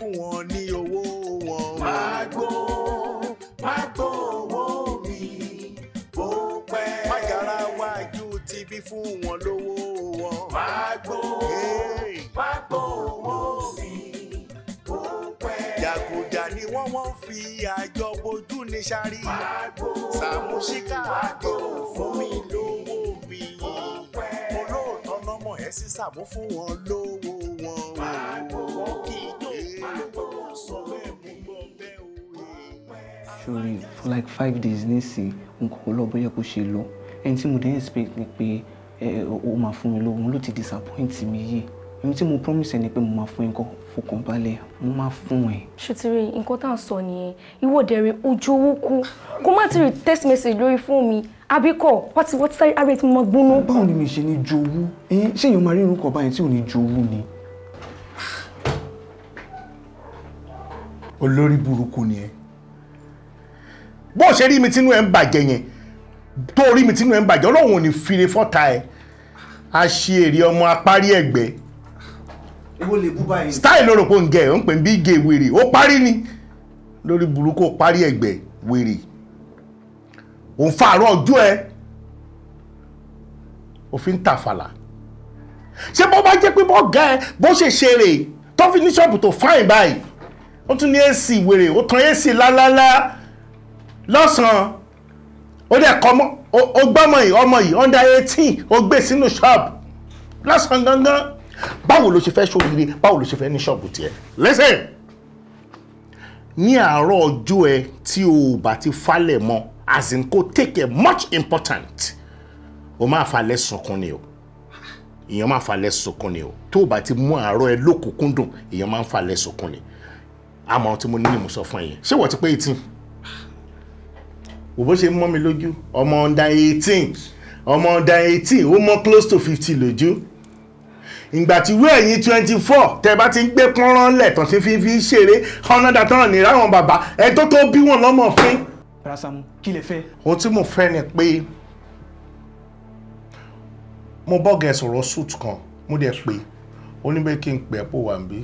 fún wọn ní owó wọn. Magbo, Magbo owó mi, bó pẹ́. Mágara wájú ti bí fún wọn lówó wọn. Magbo, Magbo owó mi, bó pẹ́. Jàgùjà ni wọ́n wọ́n fi àjọ bojú ní sáré. Magbo, Sàmúsíkà àdéhùn fún mi lówó mi. Bó pẹ́. Olóòtọ́ lọ́mọ ẹ̀ sísàmú fún wọn lówó wọn. Magbo sorry for like five days nísìn n kò lọ bóyá kó ṣe lọ ẹni tí mo dé expect ni pé ó máa fún mi lówó ló ti disappoint mi yìí èmi tí mo promise ẹni pé mo máa fún ẹ nǹkan fọkàn balẹ̀ mo máa fún ẹ. ṣùtìrì nǹkan tá à ń sọ nìyẹn ìwọ dẹ̀rẹ̀ ojú owó kú kó má ti rí text message lórí fóònù mi àbíkọ wọ́n ti wọ́n ti sáré ara ẹ̀ tí mo máa gbóná. báwo ni mi ṣe ní jowú ṣé èèyàn máa rí irun kan báyìí tí ò ní jowú ni. olórí burúkú ni ẹ bó ṣe rí mi tínú ẹ ń bàjẹ́ yẹn tó rí mi tínú ẹ ń bàjẹ́ ọlọ́run ò ní fire fọ́ta ẹ a ṣe èrè ọmọ apárí ẹ̀gbẹ́ style ló rò pé ń gẹ ẹ ń pè ń bí gé wèrè ó parí ni lórí burúkú parí ẹ̀gbẹ́ wèrè òun fàárọ̀ ọjọ́ ẹ òfin tàfàlà ṣé bó bá jẹ́ pé bó gẹ bó ṣe ṣeré tó fi ní ṣọ́ọ̀bù tó fáìn báyìí ó tún ní èsì wèrè ó tan èsì lálálá lọ́sàn-án ó dẹ̀ kọ́ mọ́ ó gbọ́mọ yìí ọmọ yìí under eighteen ó gbé sínú ṣọ́ọ̀bù lọ́sàn-án gangan báwo ló ṣe fẹ́ ṣòwìrì báwo ló ṣe fẹ́ ní ṣọ́ọ̀bù tiẹ̀ listen ní àárọ̀ ọjọ́ ẹ tí o ò bá ti falẹ̀ mọ́ as in kò take a much important o máa falẹ̀ sunkún ni o èèyàn máa falẹ̀ sunkún ni o tó o bá ti mú àárọ̀ ẹ lókùnkúndùn èèyàn máa ń falẹ̀ sunkún ni o àmọ́ tí mo ní ni mo sọ fún ẹ̀yẹ ṣé wọ́n ti pé eighteen wò bó ṣe mọ́ mi lójú ọmọ ọ̀dà eighteen ọmọ ọ̀dà eighteen ó mọ́ close to 50. lójú ìgbà tí wé ẹ̀yìn twenty four tẹ́ bá ti ń gbé pọ́nrán lẹ̀ tán ti fi fi ṣeré ọ̀nà dàtọ́ràn ní ráwọn bàbá ẹ tó tó bí wọn lọ́mọ fún. rasamu kí lè fẹ́. ohun tí mo fẹ́ ni pé mo bọ́gẹ̀ sọ̀rọ̀ suit kan mo dẹ̀ pé ó ní kí n pẹ́ pò wà ń bí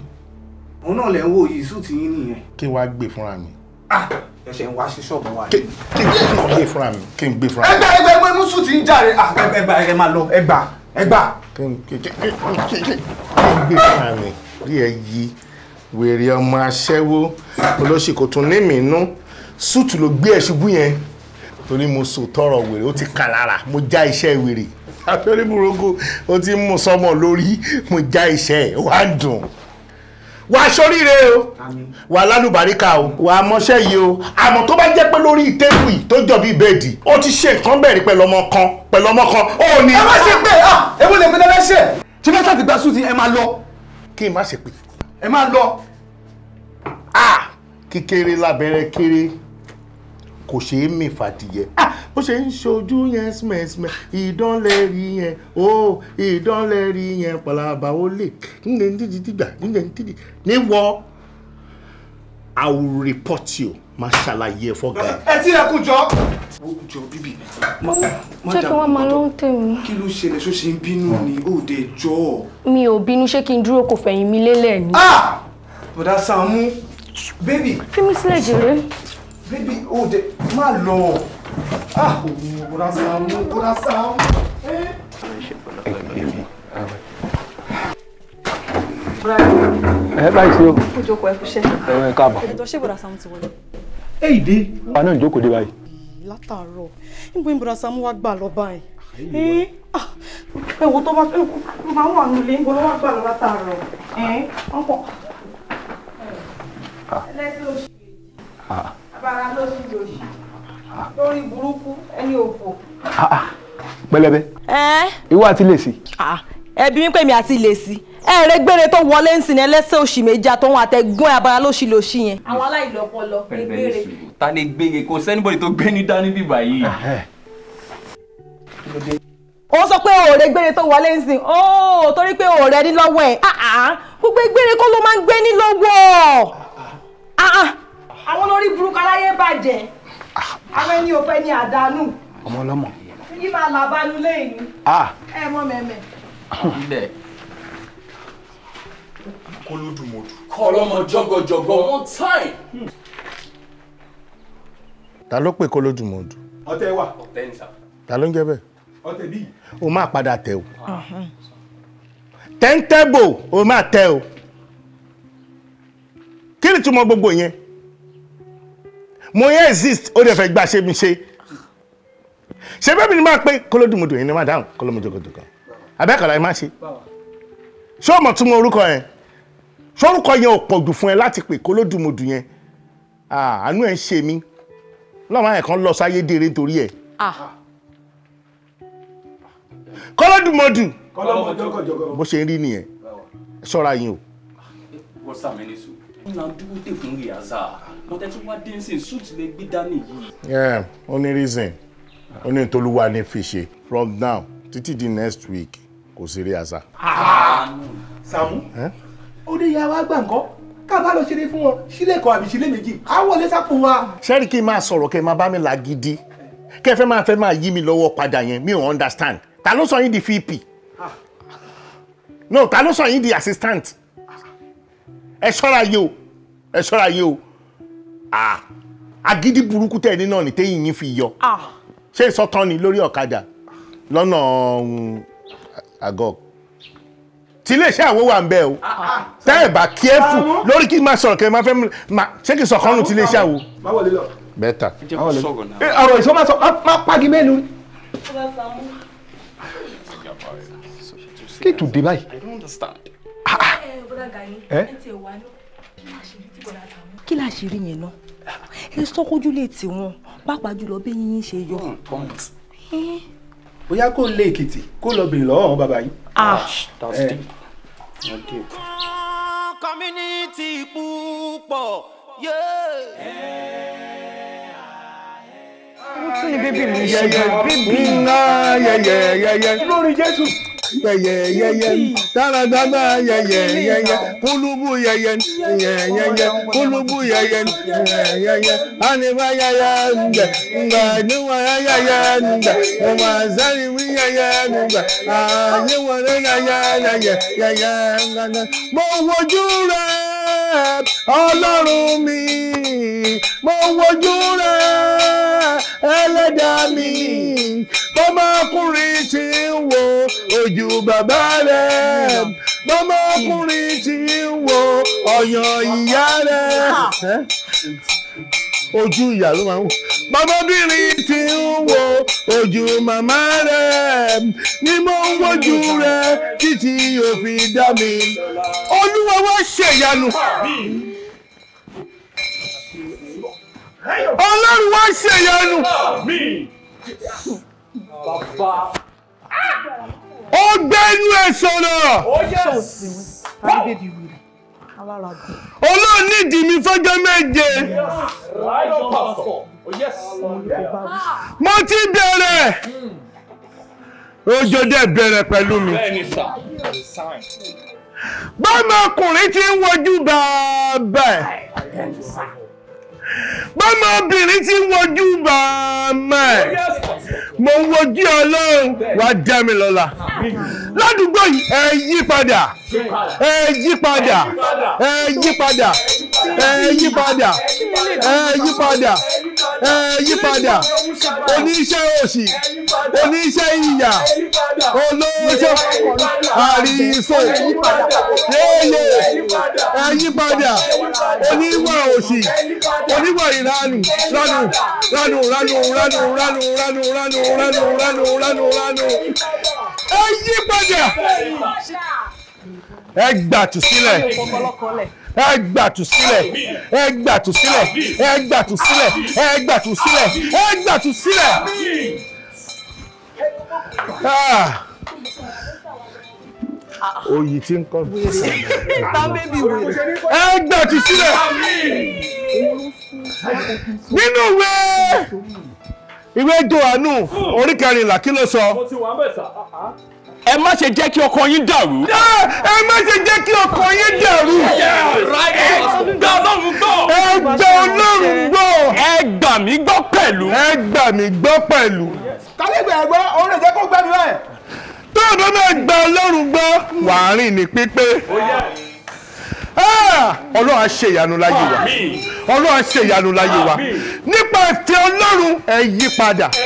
òun náà lẹ ń wò yìí sùn ti yín nìyẹn. kí n wá gbé fúnra mi. Ah! ẹ ṣe ń wá sí ṣọ́ọ̀bù wa. kí n gbé fúnra mi kí n gbé fúnra mi. ẹgbẹ́ ẹgbẹ́ ẹgbẹ́ mú sùn ti ń jàre ah, ẹgbà ẹ máa lọ ẹgbà ẹgbà. kí n gbé fúnra mi rí ẹ yí wèrè ọmọ aṣẹ́wó olóṣì kò tún ní mi nú sùtù ló gbé ẹ̀ ṣubú yẹn torí mo sò tọrọ wèrè ó ti kà lára mo já iṣẹ́ wèrè àfẹ́rẹ́ burúkú ó ti mú sọmọ lórí mo já iṣẹ́ ẹ̀ wá dùn wàá ṣoríire o wàá lálùbáríkà o wàá mọṣẹ́ yìí o àmọ́ tó bá jẹ́ pé lórí tébù yìí tó jọ bíi bẹ́ẹ̀dì ó ti ṣe nǹkan bẹ̀rẹ̀ pẹ̀lú ọmọ kan pẹ̀lú ọmọ kan ó ní. ẹ má ṣe pé ah ewu lè fẹ́lẹ́ lẹ́sẹ̀ tí bá ṣàtìgbà sùn ẹ máa lọ. kí n má ṣe pé. ẹ máa lọ. ah kíkéré lábẹ́rẹ́ kéré kò ṣeé mi fàdìyẹ ah, bó ṣe ń ṣojú yẹn smẹ̀smẹ̀ ìdánlẹ̀ rí yẹn o ìdánlẹ̀ rí yẹn pàlàbà ó lè nílẹ̀ ní dídì dìgbà nílẹ̀ ní dídì níwọ I will report you máa ṣàlàyé ẹ fọ́gà. ẹ tí ẹ kú jọ. ó jọ bíbí. jẹ́ kí wọ́n máa ló ń tẹ̀ mí. kí ló ṣẹlẹ̀ ṣó ṣe ń bínú ni òde jọ. mi ò bínú ṣé kí n dúró kò fẹ̀yìn mi lélẹ̀ ni. Ah! bọ̀dá Sàámú bébì. fi mí sílẹ̀ jèrè. Baby, ó oh, dé, má lọ. Ah, Bùrà Sàámú, Bùrà Sàámú. Ẹ báyìí sí o. Ó jókòó ẹ kúṣẹ́. Ẹ káàbọ̀. Ẹ̀dọ̀ ṣé Bùrà Sàámú ti wọlé? Ẹ ìdí. Àwa náà jókòó dé báyìí. Látàárọ̀, níbo ni Bùrà Sàámú wá gbà lọ báyìí? Ẹ eh? ah, wo tó bá máa wà nílé, níbo ló wá gbà lọ látàárọ̀? Ẹ eh? ọ̀pọ̀. Ah. Ẹlẹ́sìn òṣèlú abara lóṣù lóṣù lórí burúkú ẹni òfò. Ah, ah, pẹlẹbẹ. ìwọ àti lèsì. Ah, ẹbí mi pè mí àti lèsì ẹ̀rẹ́ gbére tó wọlé ń sìn ẹlẹ́sẹ̀ òṣì méjì àtọ́wọn àtẹ̀gún abara lóṣì lóṣì yẹn. àwọn aláìlọpọlọ lè gbére. ta lè gbére kò sẹ́nibọ̀dì tó gbé ní dání bíbà yìí. ó sọ pé òòrè gbére tó wọlé ń sìn óò oh, torí pé òòrè ní lọ́wọ́ ẹ̀ gbogbo gbére kó ló máa ń gbé ní lọ́wọ́ àwọn olórí burúkú aláyé bàjẹ́ ah. àwọn ẹni ò fẹ́ ní àdánù. ọmọ ọlọmọ. kí máa làbánu lẹ́yìn. Ah. ẹ mọ mẹ́mẹ́. ilẹ̀ kólódùmọ̀dù. kọ́ ọlọ́mọ jọgọjọgọ one time. Hmm. ta ló pè kólódùmọ̀dù. ọtẹ wà. ọtẹ ń sà. ta ló ń jẹ bẹ́ẹ̀. ọtẹ bíi. o máa padà tẹ o. tẹ́ńtẹ́bò o máa tẹ o. kí ni túmọ̀ gbogbo yẹn mo yẹn exist ó dẹ̀ fẹ́ gbà ṣe mi ṣe ṣe bẹ́ẹ̀ mi ni máa pé kólódùmọdù yìí ni máa dáhùn kólómọdòkòdò kan abẹ́kọ̀lá yìí máa ṣe ṣé o mọ̀ tún mọ orúkọ yẹn ṣé orúkọ yẹn ò pọ̀ jù fún ẹ láti pè kólódùmọdù yẹn àánú ẹ̀ ń ṣe mí lọ́wọ́ àyẹ̀kan lọ sáyé dèrè nítorí ẹ̀ kólódùmọdù bó ṣe ń rí nìyẹn ṣọ́ra yín o. wọ́n sàmì ní sùn. ó ń la dúró dè fún rìhásà. Yeah, only wọ́n dé ń sìn suit lè reason ó ní tolúwa ní fi ṣe from now títí di next week kò sí rí asa. Sàámú ó dé ya wá gbà ńkọ́ ká bá lọ ṣeré fún wọn sílé kan àbí sílé méjì á wọlé sápò wa. sẹ́rí kí n máa sọ̀rọ̀ kẹ́ ẹ máa bá mi là gidi kẹ́ ẹ fẹ́ máa fẹ́ máa mi lọ́wọ́ padà yẹn mi understand ta ló sọ yín di vp no ta ló sọ yín di assistant ẹ ṣọ́ra yìí o ẹ ṣọ́ra agídí burúkú tẹ̀ ní náà ní téyìn yín fi yọ ṣé ìsọtán ni lórí ọ̀kadà lọ́nà um, àgọ́ tí iléeṣẹ́ àwo wà ń bẹ o tẹ́ ẹ̀ bá kíẹ́fù lórí kí n máa sọ̀rọ̀ kẹ́ ẹ máa fẹ́ ṣé kí n sọ̀kan nù tí iléeṣẹ́ àwo bẹ́tà ọ̀rọ̀ ìṣọ́ máa sọ máa pagi mẹ́nu kí tù dé báyìí. ẹ ẹ bọ́dà gani eh? ẹ ti wà ní kí láṣìírí yẹn náà ẹ sọ́kójú lè tì wọ́n pàápàá jùlọ bí yín ṣe yọ. Hmm, eh? bóyá kó lé èkìtì kó lọ bèrè lọ́wọ́ bàbá yìí. Ah. Ah, eh. community púpọ̀ wọ́n tún ní bébì mi ṣe bẹ́ẹ̀ bébì. lórí jésù yẹyẹ yẹyẹ dáradára yẹyẹ yẹyẹ kulubu yẹyẹ yẹyẹ kulubu yẹyẹ yẹyẹ aniba yẹyẹ nbẹ nbẹ niwa yẹyẹ nbẹ ọmọ azari wi yẹyẹ nbẹ ayiwọle yẹyẹ yẹyẹ yẹyẹ nbẹ mo wojú rẹ ọlọ́run mi mo wojú rẹ ẹlẹ́dàá mi bọ́mọkùnrin ti ń wo ojú bàbá rẹ̀ bọ́mọkùnrin ti ń wo ọyàn ìyá rẹ̀ ah. ojú ìyá ló máa ń wò bọ́mọbìnrin ti ń wo ojú màmá rẹ̀ ni mo ń wojú rẹ̀ títí ó fi dá mi olúwa wá ṣèyanu ọlọ́run wá ṣèyanu ó gbẹ́nu ẹ̀ sọ̀rọ̀. olóòn nídìí mi fọ́jọ́ méje. Oh, mo ti bẹ̀rẹ̀ ọjọ́ hmm. dẹ̀ bẹ̀rẹ̀ pẹ̀lú mi. bámakùnrin ti ń wojú bàbá ẹ̀ bọ́mọbìnrin ti wojú màmá ẹ̀ mo wojú ọlọ́run wá dá mi lọ́la ládùúgbò yìí ẹ yí padà ẹ yí padà ẹ yí padà ẹ yí padà ẹ yí padà ẹ yí padà. oníṣẹ́ òṣì oníṣẹ́ ìyà olóṣó àríṣó yéèyè ẹ̀yípadà oníwà òṣì oníwà ìranù ránù ránù ránù ránù ránù ránù ránù ránù ránù ránù ránù ẹ̀yípadà ẹ gbàtú sílẹ̀. ẹ gbàtú sílẹ̀ ẹ gbàtú sílẹ̀ ẹ gbàtú sílẹ̀ ẹ gbàtú sílẹ̀ ẹ gbàtú sílẹ̀. Ah. Oyi ti ń kọ́. Ẹ gbàtú sílẹ̀. Nínú ìwé ìwé Jòhánù orí kẹrìnlá kí ló sọ? Mo ti ẹ má ṣe jẹ́ kí ọkọ yín dàrú. ẹ má ṣe jẹ́ kí ọkọ yín dàrú. ẹ gbà ọlọ́run gbọ́. ẹ gbà ọlọ́run gbọ́. ẹ gbà mí gbọ́ pẹ̀lú. ẹ gbà mí gbọ́ pẹ̀lú. kálígbà ẹ̀gbọ́n òun lè kó gbẹ́mi báyìí. tó o bá máa ọlọ́run gbọ́ wàá ní pípé. Oh, Ah! ọlọ́run á ṣe ìyanu láyé wa ọlọ́run á ṣe ìyanu láyé wa nípa ti ọlọ́run ẹ yí padà ẹ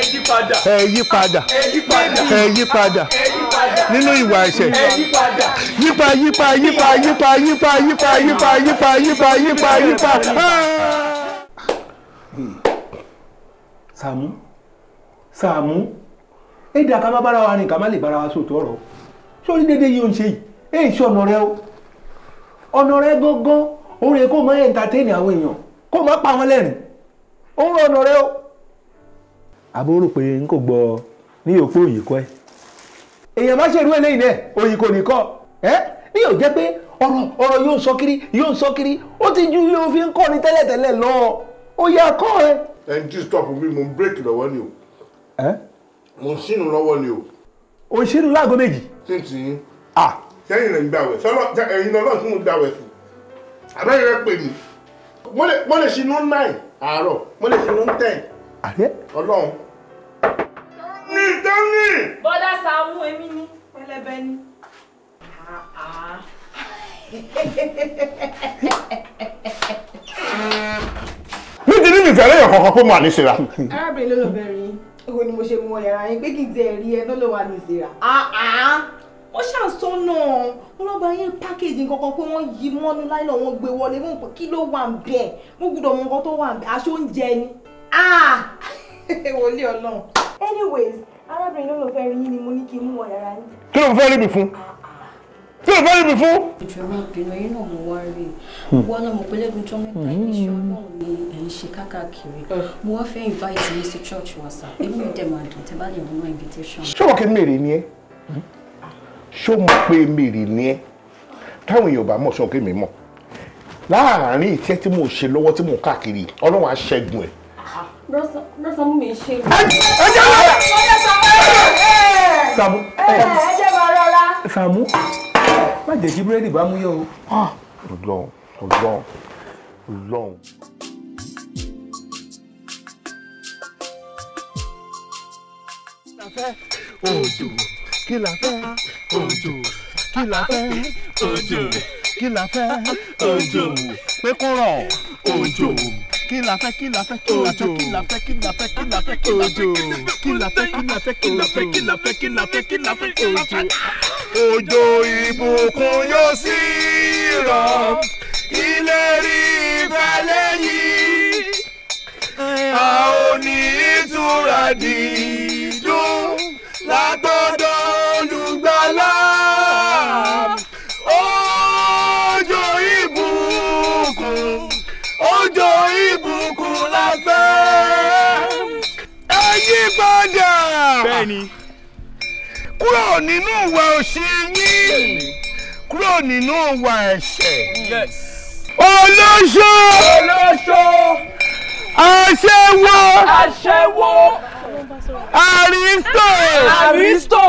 yí padà ẹ yí padà nínú ìwà ẹ̀ṣẹ̀ yípa yípa yípa yípa yípa yípa yípa yípa yípa yípa yípa. Ah! Sàámú Sàámú èdè àkàmá bára wa ni kàmá lè bára wa sòtò ọ̀rọ̀ sórí dédé yìí ó ń ṣe yìí èyí ṣọ̀nà rẹ o. ọ̀nà rẹ gangan òun kó máa entertain àwọn èèyàn kó máa pa wọn lẹ́rìn òun rọ ọ̀nà rẹ o. àbúrò pe n kò gbọ́ ní òpó òyìnkọ ẹ. èèyàn má náà ẹ ní yóò jẹ́ pé ọ̀rọ̀ kiri yóò sọ kiri ó ti ju ilé ni tẹ́lẹ̀tẹ́lẹ̀ lọ ó yẹ akọ́ ẹ. ẹni tí stop mi mo break lọwọ ni o. ẹ. mo ni o. o ń laago láago sẹ́yìn rẹ̀ ń gbàwẹ̀ sọ́lọ́ ẹ̀yin lọ́lọ́run tún ń gbàwẹ̀ sùn àbẹ́yìn rẹ̀ pè mí mo lè ṣinú nine àárọ̀ mo lè ṣinú ten ọlọ́run. tọ́ni tọ́ni. bọ́dá Sàámú èmi ní pẹlẹbẹ ní. ní ti ní mi fẹ́rẹ́ yàn kankan kó máa ní ṣera. arábìnrin ló lọ bẹ̀rẹ̀ yín èwo ni mo ṣe mọ ẹ̀ra yín pé kí n ti ẹ̀rí ẹ tó ní ìṣera. Ah, ah wọ́n ṣàǹsọ́nà wọn lọ́ba yẹn pákéjì kankan pé wọ́n yí mọ́nú láìlọ́ wọn gbé wọlé mọ́ pé kí ló wà ń bẹ̀ mo gbọ́dọ̀ mọ nǹkan tó wà ń bẹ̀ aṣọ oúnjẹ ni ah! wòlé ọlọ́run. anyways arábìnrin ló lọ fẹ́ rí yín ni mo ní kí n mú wọ yàrá yín. kí ló ń fẹ́ rí mi fún kí ló ń fẹ́ rí mi fún. ìjọba bínú ẹyin náà mo wá rí i hmm. wọn náà mo pé lẹ́nu tó mẹ́ta hmm. iṣẹ́ ọlọ́run ni ẹ̀ ń ṣe káàkiri eh. mo wá fẹ́ invite yín sí church wa sá èmi ò dẹ̀ máa dùn tẹ́ bá lè mú invitation. ṣé wọ́n kí n mèrè ni ẹ́ ṣó mọ̀ pé mèrè ni ẹ́ táwọn èèyàn bá mọ̀ sọ pé mi mọ̀ láàárín ìtẹ́ tí mò ṣe lọ́wọ́ tí mò káàkiri ọlọ́run á ṣẹ́gun ẹ̀. mú mi ṣe. ẹ jẹ́ wàrà. Sàámú. ẹ jẹ́ wàrà rárá. Sàámú má jẹ́ kí búrẹ́dì bá mú yọ o. Ah, ọlọ́run ọlọ́run ọlọ́run. kí la fẹ́ òjò kí la fẹ́ òjò kí la fẹ́ òjò kí la fẹ́ òjò pé kó rọ̀ òjò kí la fẹ́ kí la fẹ́ kí la fẹ́ kí la fẹ́ kí la fẹ́ kí la fẹ́ kí la fẹ́ kí la fẹ́ kí la fẹ́ kí la fẹ́ kí la fẹ́ kí la fẹ́ kí la fẹ́ kí la fẹ́ òjò ìbùkún yóò sì rọ̀ ilé rí ìfẹ́ lẹ́yìn a ò ní ìtura dídùn látọ̀dọ̀. bẹ́ẹ̀ni. kúrò nínú ìwà òṣì yín kúrò nínú ìwà ẹ̀ṣẹ̀. olóṣó olóṣó aṣẹ́wó aṣẹ́wó aristo aristo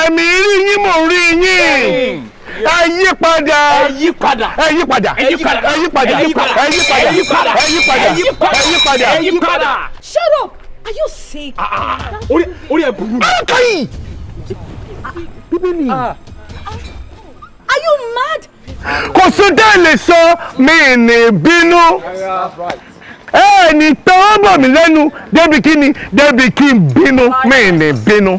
ẹ̀mí rí yín mò ń rí yín ẹ yí padà ẹ yí padà ẹ yí padà ẹ yí padà ẹ yí padà ẹ yí padà ẹ yí padà ẹ yí padà ẹ yí padà ẹ yí padà. shut up Are you sick? Ah, ah. ah. orí ẹ burú. Báwo kọ́ yìí? Ah. Are you mad? Kò sí délé sọ mi ní bínú. Ẹ ní tọ́wọ́ bọ̀ mí lẹ́nu débi kí ni débi kí n bínú mi ní bínú.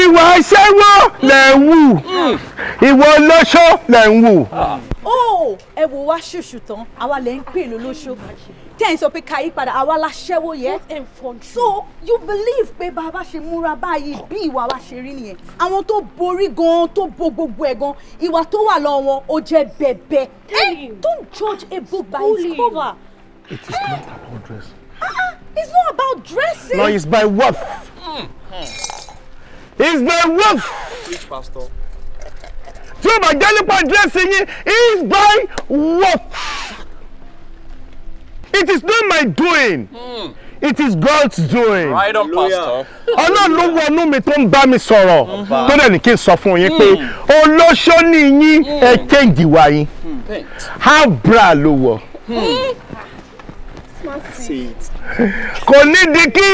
Ìwà aṣẹ́wó lẹ̀ ń wù. Ìwà olóṣó lẹ̀ ń wù. Ó oh, ẹ wo wá ṣùṣù tán, àwa lẹ̀ ń pè lólóṣó tẹ́ ẹ̀ sọ pé ká yí padà àwa la ṣẹ́wó yẹ. so you believe pé bàbá ṣe múra báyìí bí ìwà wa ṣe rí nìyẹn àwọn tó borí gan-an tó bo gbogbo ẹ̀ gan ìwà tó wà lọ wọn ó jẹ́ bẹ̀bẹ̀. ẹ don't judge a book by its cover. it is not about dress. uh ah, ah, it's not about dressing. no it's by worth. Mm-hmm. it's by worth. which pastor. tí o bá jẹ́ nípa dressing yín it's by worth it is not my doing. Mm. It is God's doing. Right on, Pastor. Ọlọ́run ló wọnú mi tó ń bá mi sọ̀rọ̀ tó dẹ̀ ní kí n sọ fún yín pé hmm. olóṣó ni yín hmm. ẹ change ìwà yín. Hmm. Abra ló wọ̀. Kò ní di kí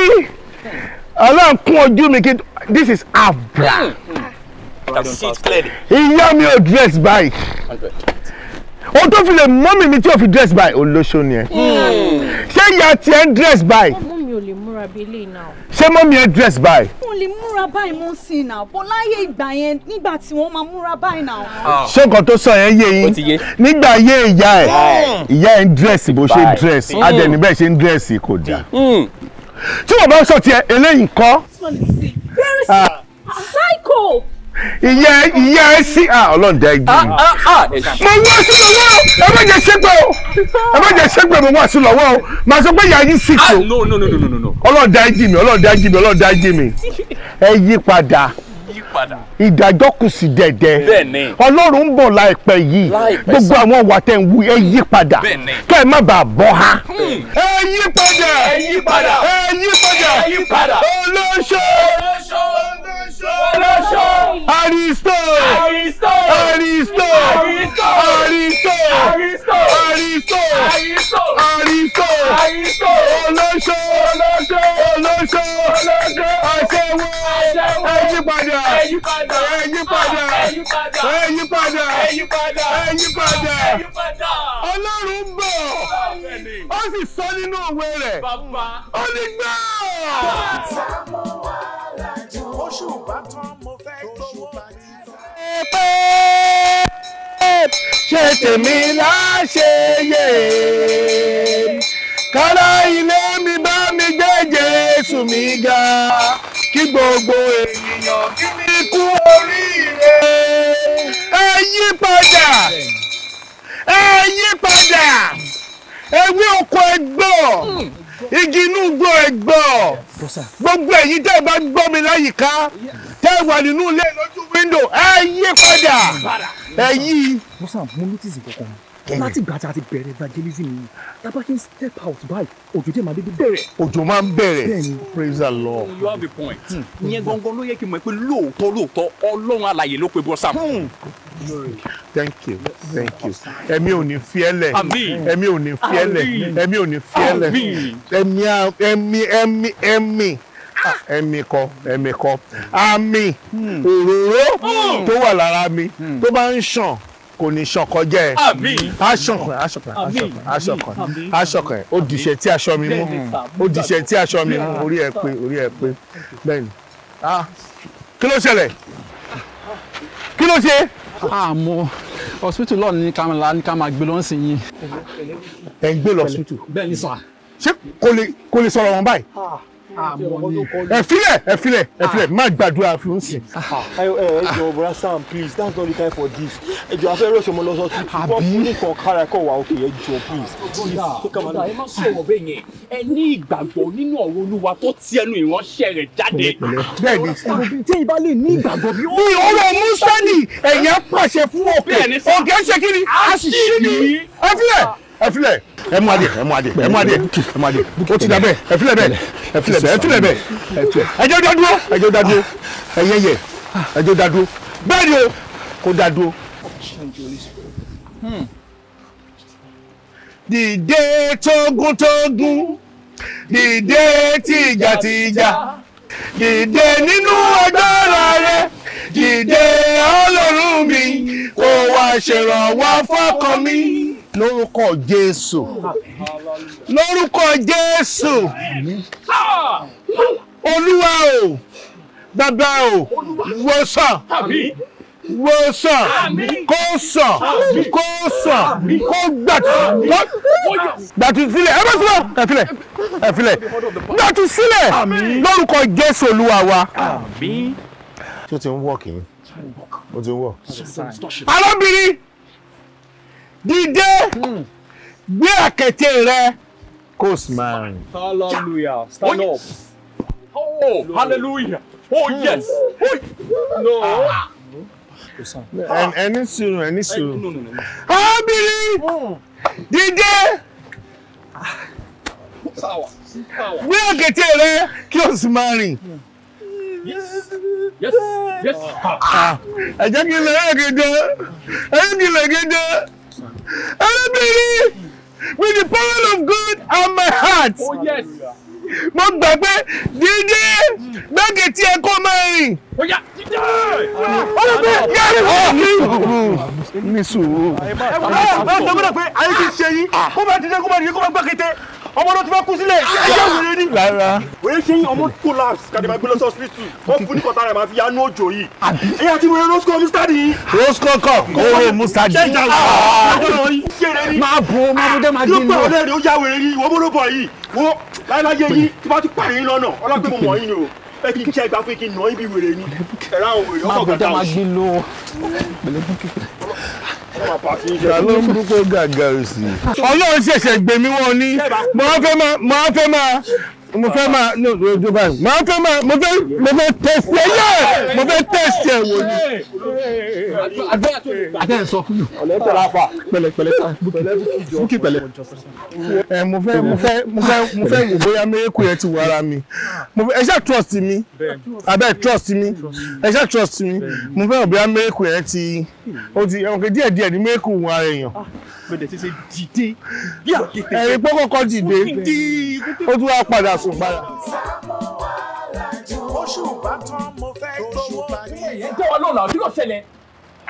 Ọlọ́run kún ojú mi kí this is Abra. Ìyá mi ò dress báyìí o tó fi lè mọ́mì mi tí o fi dress by olóṣó ni ẹ hmm. ṣé ìyá tiẹ̀ ń dress by. mọ́mì ò lè múra bí eléyìí náà. ṣé mọ́mì ẹ dress by. mo lè múra báyìí mo sì nà bó láyé ìgbà yẹn nígbà tí wọ́n máa múra báyìí náà. Ah. ṣé nǹkan tó sọ yẹn yé yín nígbà yé ìyá ẹ hmm. ìyá ẹ ń dress bó ṣe dress hmm. adẹni bẹ́ẹ̀ ṣe ń dress kò dáa tí wọ́n bá sọ tiẹ̀ eléyìí nǹkan. Ah. psycho ìyá ìyá ẹ sí ọlọ́run dá igi mo wá sí lọ́wọ́ ẹ má jẹ ṣẹ́gbẹ́ o ẹ má jẹ ṣẹ́gbẹ́ mo wá sí lọ́wọ́ o màá sọ pé ìyá yín sì tó ah, ọlọ́run dá igi mi ọlọ́run dá igi mi ọlọ́run dá igi mi ẹ yí padà ìdájọ́ kù sí dẹ̀dẹ̀ ọlọ́run ń bọ̀ láìpẹ́ yìí gbogbo àwọn ọ̀wà tẹ̀ ń wú ẹ yí padà kẹ́ ẹ má bàa bọ́ ha. Hmm. ẹ yí padà ẹ yí padà ẹ yí padà olóṣèlú. Aristo! Aristo! Aristo! Aristo! Aristo! Aristo! Aristo! Aristo! Aristo! Aristo! Olóṣó! Olóṣó! Olóṣó! Olóṣó! Aṣẹ́wó! Ẹ̀yípadà! Ẹ̀yípadà! Ẹ̀yípadà! Ẹ̀yípadà! Ẹ̀yípadà! Ẹ̀yípadà! Ọlọ́run ń bọ̀! Ó sì sọ nínú òwe rẹ̀. Ó ní gbọ́! oṣù bá tán mo fẹ́ tówó pé ṣe tèmi láṣeyè kárá ilé mi bá mi gbé Jésù mi ga kí gbogbo ènìyàn kí mi kú oríire ẹ yí padà ẹ yí padà ewé oko ẹ igi inú igbó ẹ gbogbo ẹ̀yin tẹ́ ẹ bá ń gbọ́ mi láyìíká tẹ́ ẹ wà nínú ilé lójú wíńdò ẹ yí padà ẹ yí. mo sàn kẹ́yìn. láti ìgbà tí a ti bẹ̀rẹ̀ evangelism yìí tábà kí n step out báyìí òjò dé máa dédé bẹ̀rẹ̀. òjò máa ń bẹ̀rẹ̀ praise the lord. you have a point. ìyẹn gangan ló yẹ kí n mọ̀ pé lóòótọ́ lóòótọ́ ọlọ́run alààyè ló pe bọ́ sam. Hmm. thank you thank you ẹ̀mí ò ní fiẹ́lẹ̀ ẹ̀mí ò ní fiẹ́lẹ̀ ẹ̀mí ò ní fiẹ́lẹ̀ ẹ̀mí ẹ̀mí ẹ̀mí ẹ̀mí ah, ẹ̀mí kọ ẹ̀mí kọ àmì hmm. òróró hmm. tó wà lára mi tó bá ń ṣàn kò ní ṣọkọ jẹ ẹ aṣọkan aṣọkan aṣọkan aṣọkan aṣọkan ó dìṣẹ tí aṣọ mi mú ó dìṣẹ tí aṣọ mi mú orí ẹ pé orí ẹ pé bẹ́ẹ̀ni kí ló ṣẹlẹ̀ kí ló ṣe. àmọ́ hospital lọ ní kamala ní ká máa gbé lọ sí yín. ẹ ń gbé lọ hospital. bẹ́ẹ̀ni sà. ṣé kò lè sọ̀rọ̀ wọn báyìí. Ah ẹfilẹ ẹfilẹ ẹfilẹ ah. má gbàdúrà fún un sí. Ah, ẹ ẹ jọ bra sam please that's not the kind for this. ẹ jọ afẹ́rẹ́ òṣèlú lọ́sọ̀ tí wọ́n fún ní kan kára ẹ̀kọ́ wà òkè ẹ jọ please. ọ̀gá ẹ má sọ̀rọ̀ bẹ́ẹ̀ yẹn ẹ ní ìgbàgbọ́ nínú ọ̀rọ̀ olúwa tó ti ẹnu ìránṣẹ́ rẹ̀ jáde. bẹ́ẹ̀ni tí ìbá lè ní ìgbàgbọ́ bí ó. bí ọ̀rọ̀ mùsùlùmí ẹ̀yẹ́ pàṣẹ fún òkè òkè ṣe kí ni a sì ṣí ni ẹ ẹ filẹ̀ ẹ mú adìẹ ẹ mú adìẹ ẹ mú adìẹ ẹ mú adìẹ o ti dabẹ ẹ filẹ̀ bẹ ẹ filẹ̀ bẹ ẹ filẹ̀ bẹ ẹ jẹ́ dádúró ẹ jẹ́ dádúró ẹ yẹyẹ ẹ jẹ́ dádúró bẹ́ẹ̀ ni o kó dádúró. Hmm. dìde tógúntógún dìde tìjàtìjà dìde nínú agbára rẹ dìde ọlọ́run mi kó wá ṣèrànwọ́ fọ́kàn mi lórúkọ Jésù lórúkọ Jésù Olúwa o bàbá o wòsàn wo sàn kó sàn kó sàn kó gbàtú sílẹ̀ ẹ bá sílẹ̀ ẹ filẹ̀ ẹ filẹ̀ gbàtú sílẹ̀ lórúkọ Jésù Olúwa wa. tó ti ń wọ̀ kì í ó ti ń wọ̀. arábìnrin dídé hmm. gbé àkẹ́tẹ́ rẹ kò sì máa rìn. hallelujah oh, stand up. oh hallelujah oh hmm. yes oh no. Ah. ẹni sùúrù ẹni sùúrù. obìnrin hmm. dídé gbé àkẹ́tẹ́ rẹ kí o sì máa rìn. Yes. Yes. Yes. Ah. Ẹ jẹ́ kí n lè gèdè. Ẹ jẹ́ kí n lè gèdè arábìnrin with the power of God and my heart. Oh, yes. mo gbà pé dídí gbẹ́gẹ̀ tí ẹ kó máa rìn. ó yà dídí. ó lè pé yẹ́rì wọ́n mi. ní sùúrù. ẹ ẹ sọ fún mi pé ayé ti ṣe yín kó bá ti dé kó bá ti dé kó bá gbàkété ọmọ náà ti fẹ́ kú sílẹ̀ ah! ẹ̀jẹ̀ wèrè ni. rárá. wèrè ṣe yín ọmọ collapse kàdé máa gbé lọ sọ́sìbítù wọ́n fún ní kọ́tà rẹ̀ máa fi yánú òjò yìí. ẹ̀yà àti wèrè rosco mustadi. rosco kọ kóore mustadi. ṣé ìjà wà ní ṣeré ni. máa bò ó máa bò dé máa dín ní. ló pẹ́ ọ̀lẹ́ rẹ̀ ó yá wèrè yìí wọ́n bó ló bọ̀ yìí wọ́n láyé yín tí bá tún pààyàn yín lọ́nà ọlọ́pẹ́ mo mọ̀ yín ni o ẹ kì í jẹ́ ìgbà fún kí n nà ibi wèrè ni ẹ̀rá òwèrè ọkọ̀ gàdá o. má bò dé máa gbé lọ ló ń dúpọ̀ gàgà òsì. ọlọ́run ṣẹ̀ṣẹ̀ gbé mi wọ́n ní mo fẹ́ máa mo fẹ́ máa mo fẹ́ máa ní ojú báyìí mo fẹ́ máa mo fẹ́ mo fẹ́ tẹ̀sí ẹ̀ yẹ́ mo fẹ́ tẹ̀sí ẹ̀ wò ni. adé ń sọ fún mi. pẹ̀lẹ́ pẹ̀lẹ́ búkì pẹ̀lẹ́. ẹ mo fẹ́ mo fẹ́ mo fẹ́ mo fẹ́ wò bóyá mérekù yẹn ti wọ ara mi ẹ ṣáà trust mi abẹ́ trust mi ẹ ṣáà trust mi mo fẹ́ wò bóyá mérekù yẹn ti o ti ẹ̀wọ̀n kò díẹ̀ díẹ̀ ní mẹ́kù wọn ara èèyàn. bẹ̀rẹ̀ ah, ṣe ṣe dìde bí àkété. ẹ̀rín pọ́ kọ́kọ́ dìde ó tún wá padà sùn padà. oṣù tán mo fẹ́ gbowó bí èyí tó wọn lọ́la kí ló ṣẹlẹ̀.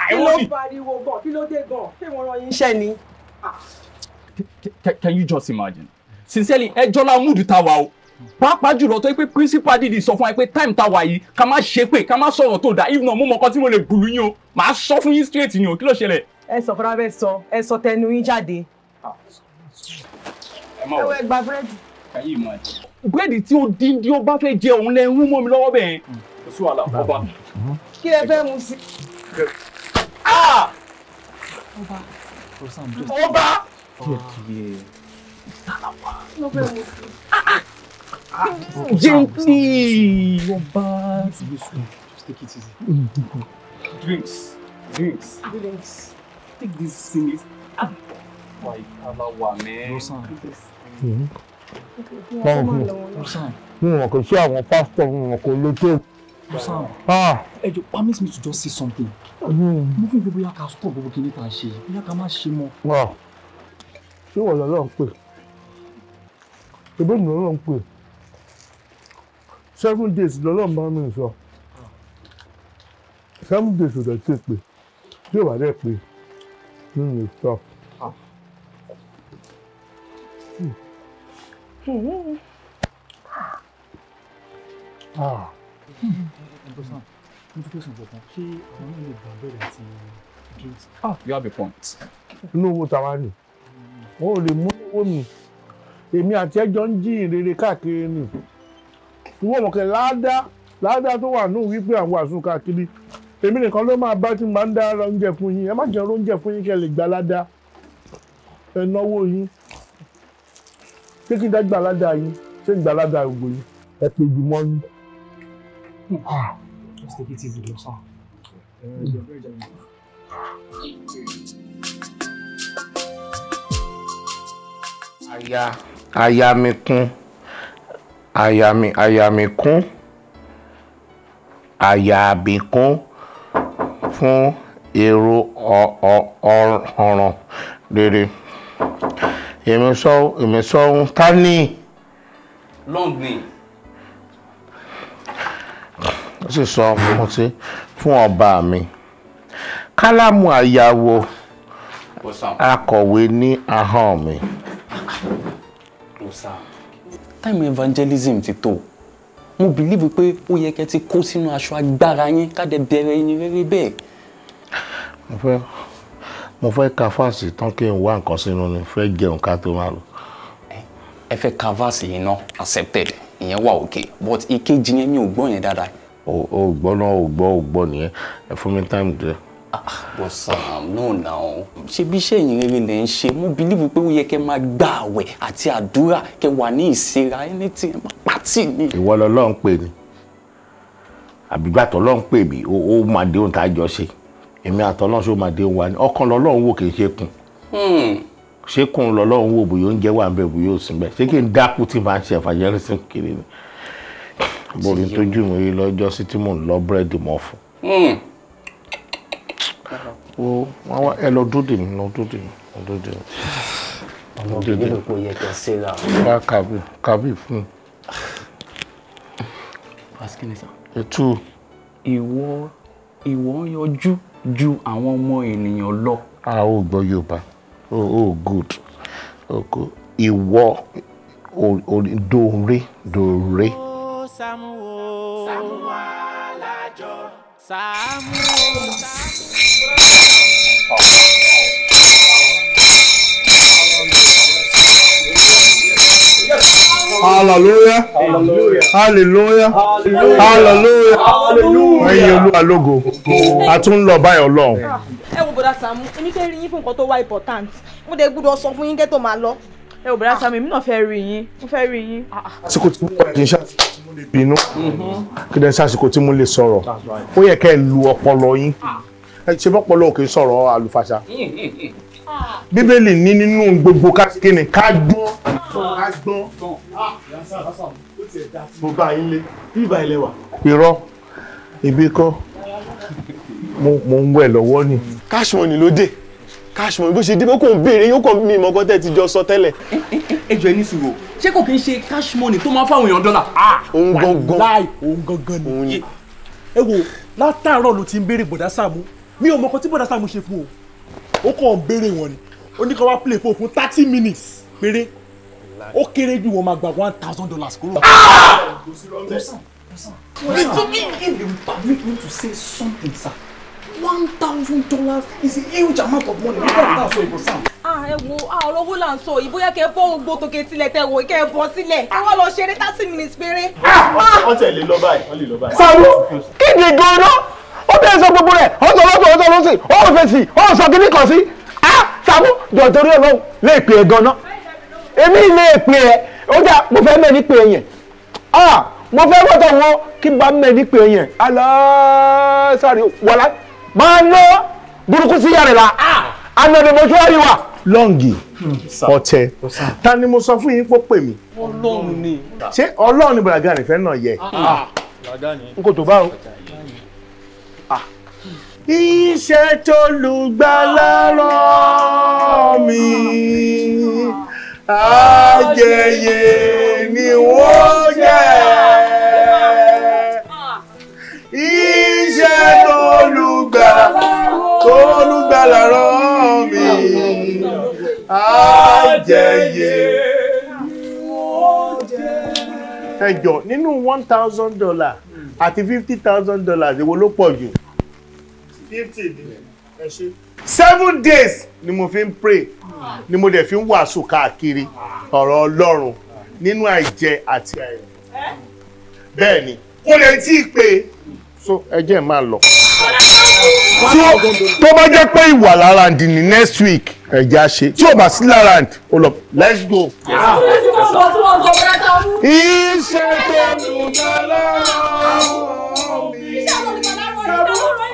kí ló pariwo gan kí ló dé gan ṣé wọn rán yín ni. Ah. Can you just imagine? Sincerely, ẹ jọlá múdù tá wa o pàápàá jùlọ tó yẹ pé principal dìdì sọ fún wa pé time ta wà yìí ká má ṣe pé ká má sọ̀rọ̀ tó dáa if not mo mọ nǹkan tí mo lè gbùlú yín o màá sọ fún yín straight yín o kí ló ṣẹlẹ̀. ẹ sọ fúnra bẹ́ẹ̀ sọ ẹ sọ tẹnu yín jáde. ẹ má wọ ẹ gba búrẹ́dì. kàyí ìmọ̀ ẹ̀. búrẹ́dì tí ó dín dín ó bá fẹ́ jẹ òun lẹ ń mú mọ́ mi lọ́wọ́ bẹ́ẹ̀. kò sí wàhálà ọba. kí lẹ fẹ́ mu sí. Ah! ọba. ọba. Gently, your back. Just take it easy. Drinks. Drinks. Drinks. Take ah. this thing. Ah. Why Allah, man. No sign. Mm-hmm. Okay. No sign. No, kò sí àwọn pastor, no, kò lè tó. No sign. Ah. Hey, you promise me to just say something. Mm-hmm. Mo fi gbogbo ya ká stop gbogbo kìíní tá a ṣe. Bóyá ká má ṣe mọ́. Ah. Ṣé wọ́n lọ́lọ́ ń pè? Ṣé bẹ́ẹ̀ ni seven days lọ́lọ́run bá mi sọ seven days ò ti pè tí ò bá dẹ̀ pè nínú mi sọ. Ah. You have a point. Inú owó tàwa ni, ó lè mú owó mi, èmi àti ẹjọ́ ń jíyìn rere káàkiri ni ìwọ mọ̀ kẹ́ ládá ládá tó wà nù wípé àwọn àsun káàkiri èmi nìkan ló máa bá tí máa ń dá oúnjẹ fún yín ẹ má jẹun oúnjẹ fún yín kẹ́ lè gbà ládá ẹ náwó yín pé kí n dá gbà ládá yín ṣé gbà ládá ògbò yín ẹ pé ojú mọ́ yín. Ah, just mi kún àyà mi àyà mi kún àyà mi kún fún èrò ọ̀ràn rere èmi sọ èmi sọ ohun ta ni. long ni. ó sì sọ mo ti fún ọba mi kálámù àyàwó akọ̀wé ní ahọ́n mi. Osam time evangelism ti tó mo believe pé ó yẹ kẹ́ ti kó sínú aṣọ agbára yín kádẹ bẹ̀rẹ̀ ẹni rere bẹ́ẹ̀. mo fẹ́ mo fẹ́ ka fáàsì tán kí n wá nǹkan sínú ni fẹ́ jẹun ká tó máa lọ. ẹ fẹ́ ka fáàsì yìí náà accepted ìyẹn wà òkè but ìkejì yẹn mi ò gbọ́ yẹn dáadáa. ò gbọ́ náà ò gbọ́ ò gbọ́ nìyẹn ẹ fún mi time díẹ̀ bọ̀ sam no now ṣe bí iṣẹ́ ìyìn rere lè ń ṣe mo believe pé ó yẹ kẹ́ máa gba àwẹ̀ àti àdúrà kẹ́ wà ní ìsera anything ẹ̀ máa pàtì ni. ìwọ lọlọ́run pè ní àbígbà tọ́lọ́run pè mí ó máa dé ohun tá a jọ ṣe èmi àtọ́lọ́run ṣó máa dé ohun wa ni ọkàn lọ́lọ́run wò kì í ṣe kùn hmm. ṣé kùn lọ́lọ́run wò bóyá oúnjẹ wà ń bẹ bóyá ò sí ń bẹ ṣé kí n dákú tí màá ṣe evangelism kiri ni bóyá tójú mi rí lọ́jọ́ sí tí mò ń lọ búrẹ́dì mọ́ fún. Hmm wo wọn wá ẹ lọ dúdì mi lọ dúdì mi lọ dúdì mi. ọmọ òbí ló kò yẹ kẹ ṣe là. ká kàbí kàbí fún un. pàṣípìnìsà. ètò. ìwọ ìwọ ń yọjú ju àwọn ọmọ ènìyàn lọ. a ò gbọ́ yorùbá o o good oko ìwọ dòre dòre. Sàámú o Sàámú alájọ Sàámú o Sàámú hallelujah hallelujah hallelujah hallelujah ẹyin olúwa lógo a tún lọ báyọ̀ lọ. ẹ wo bọ̀dá Sàámú èmi fẹ́ rí yín fún nǹkan tó wá important mo dé gbúdọ̀ sọ fún yín kẹ́ tó máa lọ. ẹ wo bọ̀dá Sàámú èmi náà fẹ́ rí yín mo fẹ́ rí yín. àsìkò tí mo kì í ṣe tí mo lè bínú mm-hmm. kí dẹ́n sásìkò tí mo lè sọ̀rọ̀ ó yẹ kẹ́ ẹ lu ọpọlọ yín ṣe bọ́pọ̀lọ́ òkè sọ̀rọ̀ àlùfàṣà bíbélì ní nínú gbogbo kíni ká gbọ́n ah. ká gbọ́n ah. mo bá yín lé bíbá ilẹ̀ wà. irọ́ ibi kọ́ mo ń wẹ̀ lọ́wọ́ ni. káṣí wọn ni ló dé cash money bó ṣe dé bó kò ń béèrè yóò kò mí ìmọ̀ kan tẹ́ ti jọ sọ tẹ́lẹ̀. ẹ jọ ẹ ní sùúrù ṣé kò kí n ṣe cash money tó máa fáwọn èèyàn dọ́là. Ah! òun gangan láì òun gangan ni. ẹ wo látàárọ̀ ló ti ń béèrè bọ̀dá Sàámú mi ò mọ ọkọ tí bọ́dà sáà mo ṣe fún o ó kàn ń béèrè wọn ni ó ní kí wọ́n wá play fún fún thirty minutes péré ó kéré jù wọ́n máa gba one thousand dollars kúrò. You don't even permit me to say something, sir. One thousand dollars is a huge amount of money. Nígbà tá a sọ ìbò sàn. Ẹ wo ah, ọ̀rọ̀ owó là ń sọ yìí bóyá kẹ́ ẹ bọ́ ògbó tòkè tilẹ̀ tẹ̀ wò kẹ́ ẹ bọ́ sílẹ̀. Ẹ wá lọ ṣeré thirty minutes péré. Ah! Ah! Wọ́n tẹ̀lé lọ báyìí. Sáré kí ni gan-an? ó bẹ̀rẹ̀ sọ gbogbo rẹ̀ ó sọ lọ́sọ̀ ó sọ lọ́sọ̀ ó ń fèsì ó ń sọ kíní kan sí á Sàámú dọ̀tẹ́rú ọlọ́run lè pè é gan-an èmi lè pè é ó dà mo fẹ́ mẹ́ni pè é yẹn mo fẹ́ wọ́tọ̀ wọn kí n bá mẹ́ni pè é yẹn alásàrí wàlá máa ná burúkú sí yàrá la anadi mọ́ṣúárì wa lọ́ǹgì hmm, ọ̀tẹ̀ ta ni mo sọ fún yín pé ó pè mí. ọlọ́run ni. ṣé ọlọ́run ni bàràgà nìfẹ́ náà yẹ. Ah, ah. n kò tó bá o iṣẹ́ tó lùgbàlà rán mi àjẹyè ni wọ́n jẹ́ iṣẹ́ tó lùgbàlà tó lùgbàlà rán mi àjẹyè ni wọ́n jẹ́. ẹjọ nínú one thousand dollar àti fifty thousand dollars èwo ló pọ̀ jù seven days ni mo fi ń pray ni mo dẹ̀ fi ń wàásù káàkiri ọ̀rọ̀ ọlọ́run nínú àìjẹ àti àìrìn bẹ́ẹ̀ ni kò lè tí ì pé so ẹ jẹ́ máa lọ. tó bá jẹ́ pé ìwà lára ǹdí ni next week ẹ̀já ṣe tí ò bá sí lára ǹdí ó lọ let's go. ìṣètò ìlú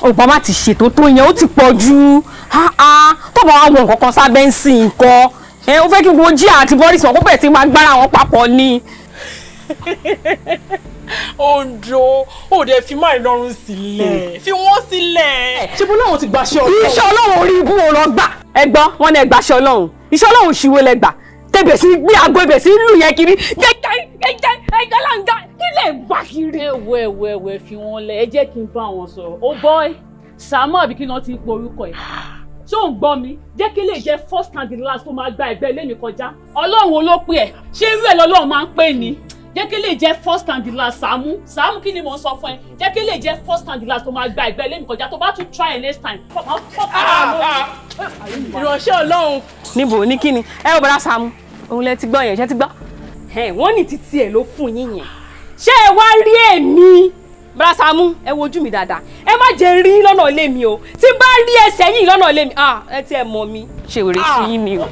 ọba má ti ṣètò tó yẹn ó ti pọ̀ jù tọ́ba wa wọ̀ nǹkan sábẹ́ ń sìn nǹkan ẹ o fẹ́ kí wo jí àti boris wọn kó bẹ̀rẹ̀ sí máa gbára wọn papọ̀ ni. ondo ò dé fi máa lọrùn sílẹ̀ hmm. fi wọ́n sílẹ̀. ṣé bó lóun ti gbaṣẹ́ ọlọ́run. iṣẹ́ ọlọ́run orí ibú wọn lọ gbà. ẹ gbọ́ wọn ni ẹ gbaṣẹ́ ọlọ́run iṣẹ́ ọlọ́run ṣìwé lẹ gbà tẹ̀bẹ̀ sí gbé aago ẹ̀bẹ̀ sí lù yẹn kiri jẹ́jẹ́ jẹ́jẹ́ ẹ̀jẹ̀ láǹgá kí lè wá kiri. ẹwẹ ẹwẹ ẹwẹ fi wọn lẹ ẹ jẹ́ kí n bá wọn sọ̀rọ̀ ó bọ́ ẹ sàmú àbí kí ni wọ́n ti ń pe orúkọ ẹ̀ ṣé ò ń gbọ́ mi jẹ́ kí lè jẹ́ first and the last tó máa gba ẹgbẹ́ ilé mi kọjá ọlọ́run ló pè ẹ̀ ṣé irú ẹ̀ lọ́lọ́run máa ń pè ní jẹ́ kí lè jẹ́ first and the last Sàámú Sàámú kí ni mò ń sọ fún ẹ jẹ́ kí lè jẹ́ first and the last tó máa gba ìgbẹ́ lẹ́mi kọjá tó bá tún try next time. ìránṣẹ́ ọlọ́run níbo ní kíni ẹ ò bọ́dá Sàámú òun lẹ ti gbọ́ yẹn ṣe ti gbọ́ wọ́n ní títí ẹ̀ ló fún yín yẹn ṣé ẹ wá rí èmi bọ́dá Sàámú ẹ wojú mi dáadáa ẹ má jẹ́ rí lọ́nà ilé mi o tí n bá rí ẹsẹ̀ yìí lọ́nà ilé mi ẹ ti ẹ̀ mọ̀ mi ṣèwèrè sí yín ni o.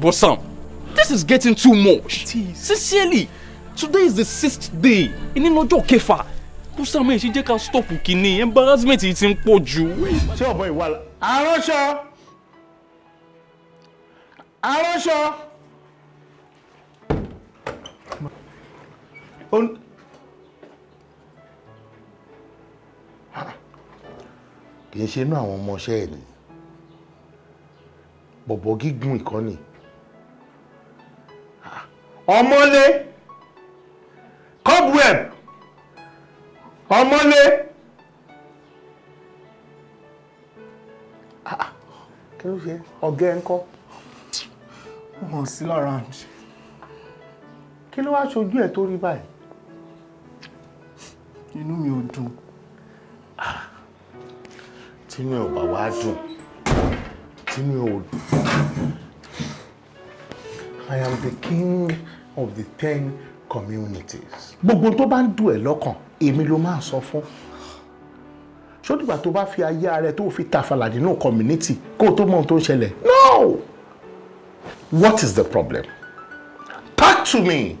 bọ́sàn This is getting too much. Sincerely, today is the sixth day. Ìní lọ́jọ́ kẹfà. Kó sàmì ẹ̀ ṣe jẹ́ ká stop kínní. Embarrassment yìí ti ń pọ̀ jù. Ṣé ọ̀bọ ìwà la? Aránṣọ! Aránṣọ! Kì í ṣe inú àwọn ọmọọṣẹ́ ẹ̀ ni. Bọ̀bọ̀ gígùn ìkọ́ni ọmọlé cobweb ọmọlé ah, ah, kí ló ṣe ọ̀gá ẹ̀ ń kọ́ wọ́n sí lára àǹtí kí ló wá ṣojú ẹ̀ tó rí báyìí inú mi ò dùn ah. tínú ẹ̀ wá dùn tínú ò dùn I am the king of the ten communities. gbogbo tó bá ń dùn ẹ́ lọ́kàn èmi ló máa sọ fún sódìgbà tó bá fi ayé ara ẹ tó fi tàfàlà nínú community kó o tó mọ ohun tó ń ṣẹlẹ̀ no what is the problem talk to me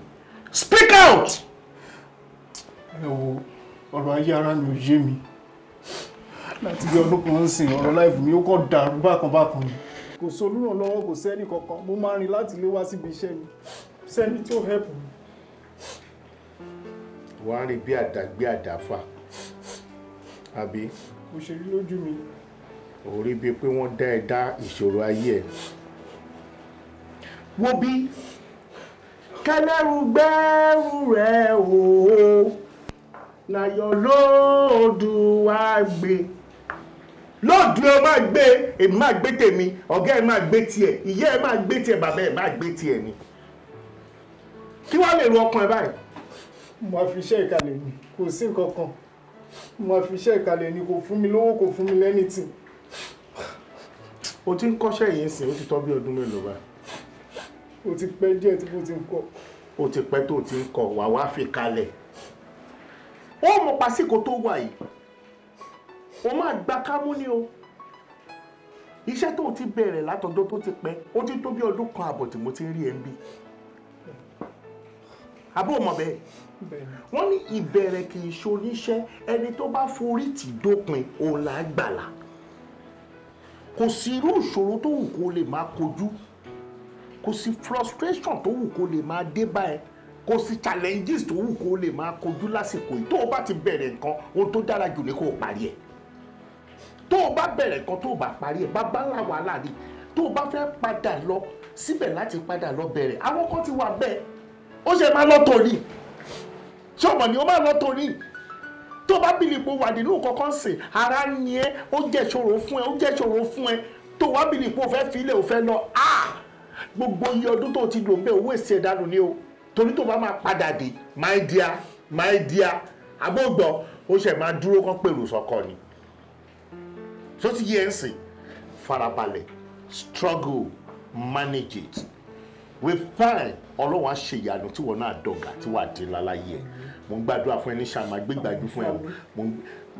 speak out. ẹ wo ọ̀rọ̀ ayé ara mi ò yé mi láti bí ọdún kan ń sìn ọ̀rọ̀ láìfù mi ó kàn dàrú bákan bákan ni. kò sólúràn lọ́wọ́ kò sẹ́ni kankan mo máa ń rìn láti lé wá síbi iṣẹ́ mi sẹ́ni tó hẹ́pù mi. wàá rìn bí àdàgbé àdáfà àbí. kò ṣe rí lójú mi. ò rí bíi pé wọ́n dá ẹ dá ìṣòro ayé ẹ̀. wo bí kẹlẹ́rù gbẹ́rù rẹ̀ o láyọ̀ lóòdùwà gbé lóòdùn ẹ máa gbé èmi máa gbé tèmi ọ̀gá ẹ máa gbé tiẹ̀ ìyá ẹ máa gbé tiẹ̀ bàbá ẹ máa gbé tiẹ̀ ni kí wàá lè ro ọkàn ẹ báyìí. mo fi iṣẹ́ ìkàlẹ̀ ni kò sí nǹkan kan mo fi iṣẹ́ ìkàlẹ̀ ni kò fún mi lówó kò fún mi lẹ́nìtì. o ti ń kọ́ṣẹ́ yìí sìn ó ti tọ́ bí ọdún mélòó báyìí. o ti pẹ́ díẹ̀ tí mo ti ń kọ́. o ti pẹ́ tó o ti ń kọ́ wà wá fi kalẹ̀. ó mọ pàṣípò tó wà yìí o máa gba kámú ni o iṣẹ́ tó o ti bẹ̀rẹ̀ látọ̀dọ̀ tó ti pẹ́ o ti tó bí ọdún kan àbọ̀ tí mo ti ń rí ẹ ń bí àbó mọ̀ bẹ́ẹ̀ wọ́n ní ìbẹ̀rẹ̀ kì í ṣoníṣẹ́ ẹni tó bá forí tì dópin òun là á gbàlà kò sí irú ìṣòro tó wù kó lè máa kojú kò sí frustration tó wù kó lè máa dé bá ẹ kò sí challenges tó wù kó lè máa kojú lásìkò yìí tó o bá ti bẹ̀rẹ̀ nǹkan ohun tó dára jù ni kó o parí ẹ̀ tó o bá bẹ̀rẹ̀ nǹkan tó o bá parí ẹ̀ bàbá ńlá wàhálà ni tó o bá fẹ́ padà lọ síbẹ̀ láti padà lọ bẹ̀rẹ̀ àwọn kan ti wà bẹ́ẹ̀ ó ṣe máa lọ́tọ̀ ni ṣọ́ọ̀mọ̀ ni ó máa lọ́tọ̀ ni tó bá bìlìpò wà nínú kankan sè ara ni ẹ ó jẹ́ ṣòro fún ẹ ó jẹ́ ṣòro fún ẹ tó wá bìlìpò fẹ́ filẹ̀ ò fẹ́ lọ gbogbo iye ọdún tó ti lò ń bẹ owó èsì ẹ̀dánù ni o torí tó bá máa padà dé my dear my dear agbóògbọ ó ṣe máa dúró kán pèrò sọkọ ni tó ti yẹ ẹ sìn farabalẹ̀ struggle manage it we find ọlọ́wọ́n á ṣe ìyanu tí wọn náà dọ̀gà tí wàá dín láláyé ẹ̀ mo ń gbàdúrà fún ẹni ṣàmà gbégbàdú fún ẹ mo ń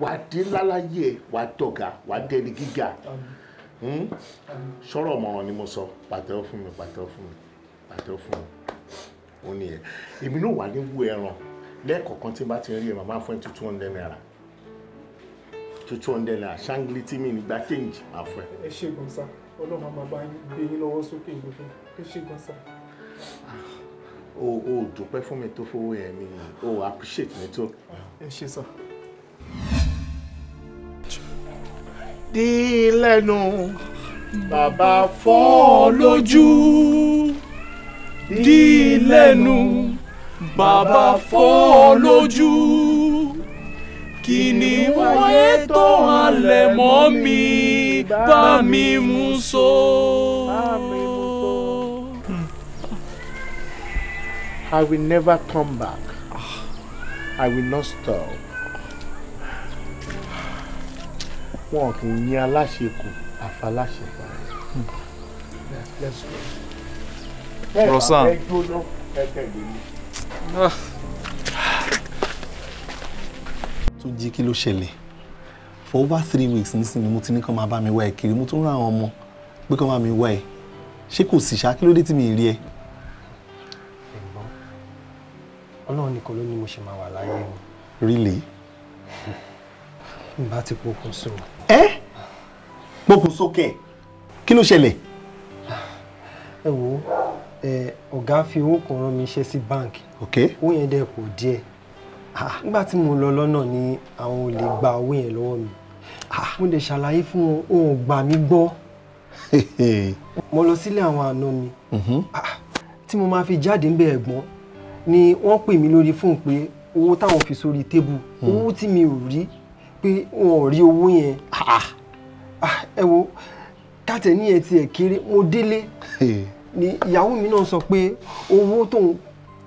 wàá dín láláyé ẹ wàá dọ̀gà wàá dẹni gíga sọ̀rọ̀ hmm? ọ̀mọ̀ràn ni mo sọ pàtẹ́wọ́ fún mi pàtẹ́wọ́ fún mi pàtẹ́wọ́ fún mi ó ní ẹ èmi náà wà ní wú ẹran lẹ́ẹ̀kọ̀ọ̀kan tí bá ti rí ẹ màmá fún ẹ two two hundred naira two hundred ṣáńgìlì tí mi nígbà kéǹjì máa fún ẹ. ẹ ṣe gan ọlọ́run máa bá yín gbé yín lọ́wọ́ sókè ìgbòho ẹ ṣe gan Ah, o ò dúpẹ́ fún mi tó fowó yẹn mi o ò appreciate mi tó. ẹ ṣe sọ. dí lẹ́nu bàbá fọ́ lójú dí lẹ́nu bàbá fọ́ lójú kí ni wáyé tó halẹ̀ mi ba mi mú so. Amen. I will never come back. I will not stop. Wọn kì í ní aláṣekù àfàláṣepà. Hmm. Rosan. Ẹ gbóná ẹ tẹ̀lé Tó jí kí ló ṣẹlẹ̀? For over three weeks nísìnyí mo ti ní kán máa bá mi wá ẹ kiri, mo tún rán àwọn ọmọ pé kán bá mi wá ẹ. Ṣé kò sì ṣá kí ló dé tí mi rí ẹ? ọlọ́run nìkan ló ní mo ṣe máa wà láyé mi. really. bá ti pokùnso. ẹ pokùnso kẹ kí ló ṣẹlẹ̀. ẹ wo ọ̀gá fi owó kan rán mi iṣẹ́ sí báǹkì owó yẹn dẹ̀ kù díẹ̀ ah. nígbà tí mo lọ lọ́nà ni àwọn olè gba owó yẹn lọ́wọ́ mi ah. mo lè ṣàlàyé fún wọn òun gbà mí gbọ́ mo lọ sílé àwọn àna mi mm-hmm. ah, tí mo máa fi jáde ń bẹ ẹ̀gbọ́n ni wọ́n pè mí lórí fóònù pé owó táwọn fi sórí tébù hmm. owó tí mi ò rí pé wọn ò rí owó yẹn ah, ah. Ah, ẹ wo kátẹ ní ẹ tiẹ̀ kéré mo délé ni ìyàwó mi náà sọ pé owó tóun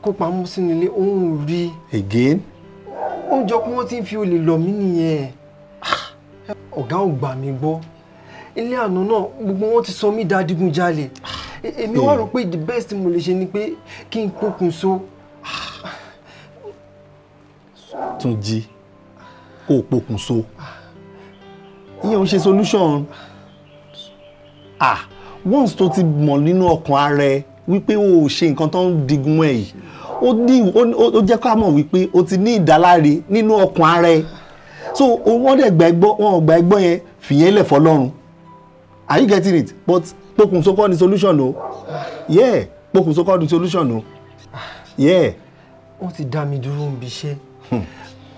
kó pamọ́ sínú ilé òun ò rí. again. ó jọ pé wọ́n ti ń fi olè lọ mí nìyẹn ọ̀gá ò gbà mí gbọ́ ilé àná náà gbogbo wọn ti sọ mí dádigunjalè e, èmi wá rò pé the best mo lè ṣe ni pé kí n pokùnso tún jí kó o pokùnso ìyẹn ò ṣe solution ah once tó ti mọ̀ nínú ọkàn ara ẹ wípé o ò ṣe nǹkan tó ń digun ẹ̀ yìí ó ní ó jẹ́ ká mọ̀ wípé o ti ní ìdáláre nínú ọkàn ara ẹ so wọ́n dẹ̀ gbà ẹgbọ́ wọn gbà ẹgbọ́ yẹn fìyẹn lẹ̀ fọlọ́run are you getting it but pokùnso kọ́ ni solution o yeah pokùnso kọ́ ni solution o yeah. wọ́n ti dá mi dúró ń bí iṣẹ́. Hmm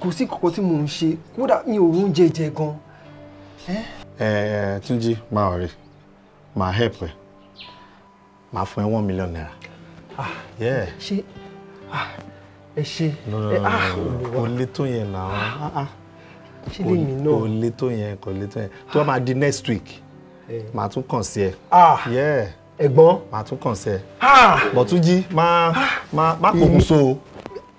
kò sí kankan tí mò ń ṣe kódà mi ò ń jẹjẹ gan. ẹ ẹ Túnjí máa ọ̀rẹ́ máa help ẹ máa fún ẹ one million naira. Ah, ṣé ah, ẹ ṣe ẹ ah, kò lè tó yẹn náà ṣé lè mí náà kò lè tó yẹn kò lè tó yẹn tó bá máa di next week màá tún kàn sí ẹ ẹ̀gbọ́n màá tún kàn sí ẹ bọ̀túnjí má má má pokùnso o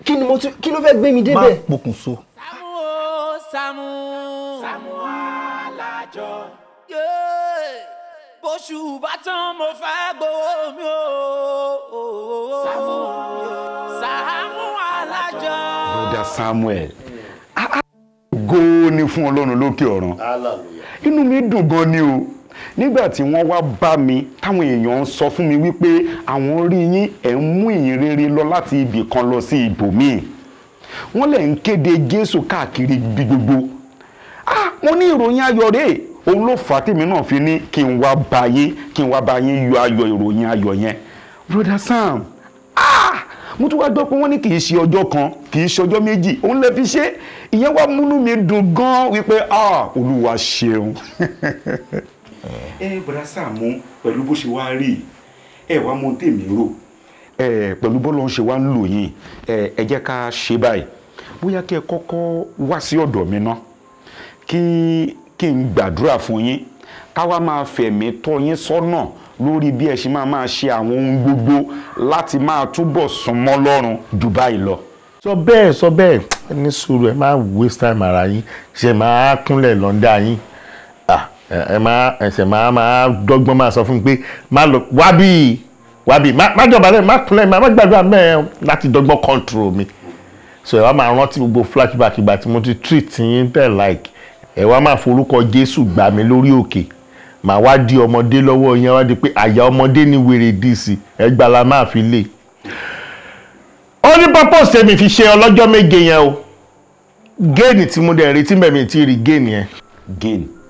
kí ni mo tún kí ló fẹ́ gbé mi débẹ̀. má pokùnso. Sàámú o Sàámú. Sàámú Alájọ. bóṣù bá tán mo fẹ́ gbowó mi o. Sàámú o Sàámú Alájọ. broda Samuel ah, ah. góò ni fún Ọlọ́run lókè ọ̀run inú mi dùn gan ni o nígbà tí wọ́n wá bá mi táwọn èèyàn ń sọ fún mi wípé àwọn rí yín ẹ̀ ń mú ìyìn rere lọ láti ibì kan lọ sí ibòmíì wọ́n lẹ̀ ń kéde Jésù káàkiri ibi gbogbo ah mo ní ìròyìn ayọ̀ rèé òun ló fà á tèmi náà fi ní kí n wá bá yín kí n wá bá yín yọ ayọ̀ ìròyìn ayọ̀ yẹn brother Sam ah mo tún wá gbọ́ pé wọ́n ní kì í ṣe ọjọ́ kan kì í ṣe ọjọ́ méjì òun lè fi ṣe ìyẹn wá múnú mi dùn gan wípé ah olúwa ṣeun ẹ bùrà Sàámú pẹ̀lú bó ṣe wá rí ẹ wá mọ tèmi rò. ẹ pẹ̀lú bọ́lọ́ ṣe wá ń lò yín ẹ jẹ́ ká ṣe báyìí bóyá kí ẹ kọ́kọ́ wá sí ọ̀dọ̀ mi ná kí kí n gbàdúrà fún yín ká wá máa fẹ̀mí tọ́ yín sọ́nà lórí bí ẹ ṣe máa máa ṣe àwọn ohun gbogbo láti máa túbọ̀ súnmọ́ Ọlọ́run jù báyìí lọ sọ bẹ́ẹ̀ sọ bẹ́ẹ̀ ní sùúrù ẹ máa waste time ara yín ṣe máa kúnlẹ̀ lọ́ndà yín ah ẹ máa ẹsẹ̀ máa máa dọ́gbọ́n máa sọ fún mi pé má lọ wábì wábì má jọba lẹ́yìn má kúnlẹ̀ má gbàdúrà mẹ́ẹ̀ láti dọ́gbọ́n control mi so ẹ wá máa rántí gbogbo flashback ìgbà tí mo ti treat yín bẹ́ẹ̀ like ẹ wá máa forúkọ Jésù gbà mí lórí òkè màá wá di ọmọdé lọ́wọ́ yẹn wá di pé àyà ọmọdé ni wèrè dì sí ẹ gbà la máa fi lè ó ní purpose tèmi fi ṣe ọlọ́jọ́ méje yẹn o gain tí mo dẹ̀ retí mẹ́mi tí ì rí gain yẹn. gain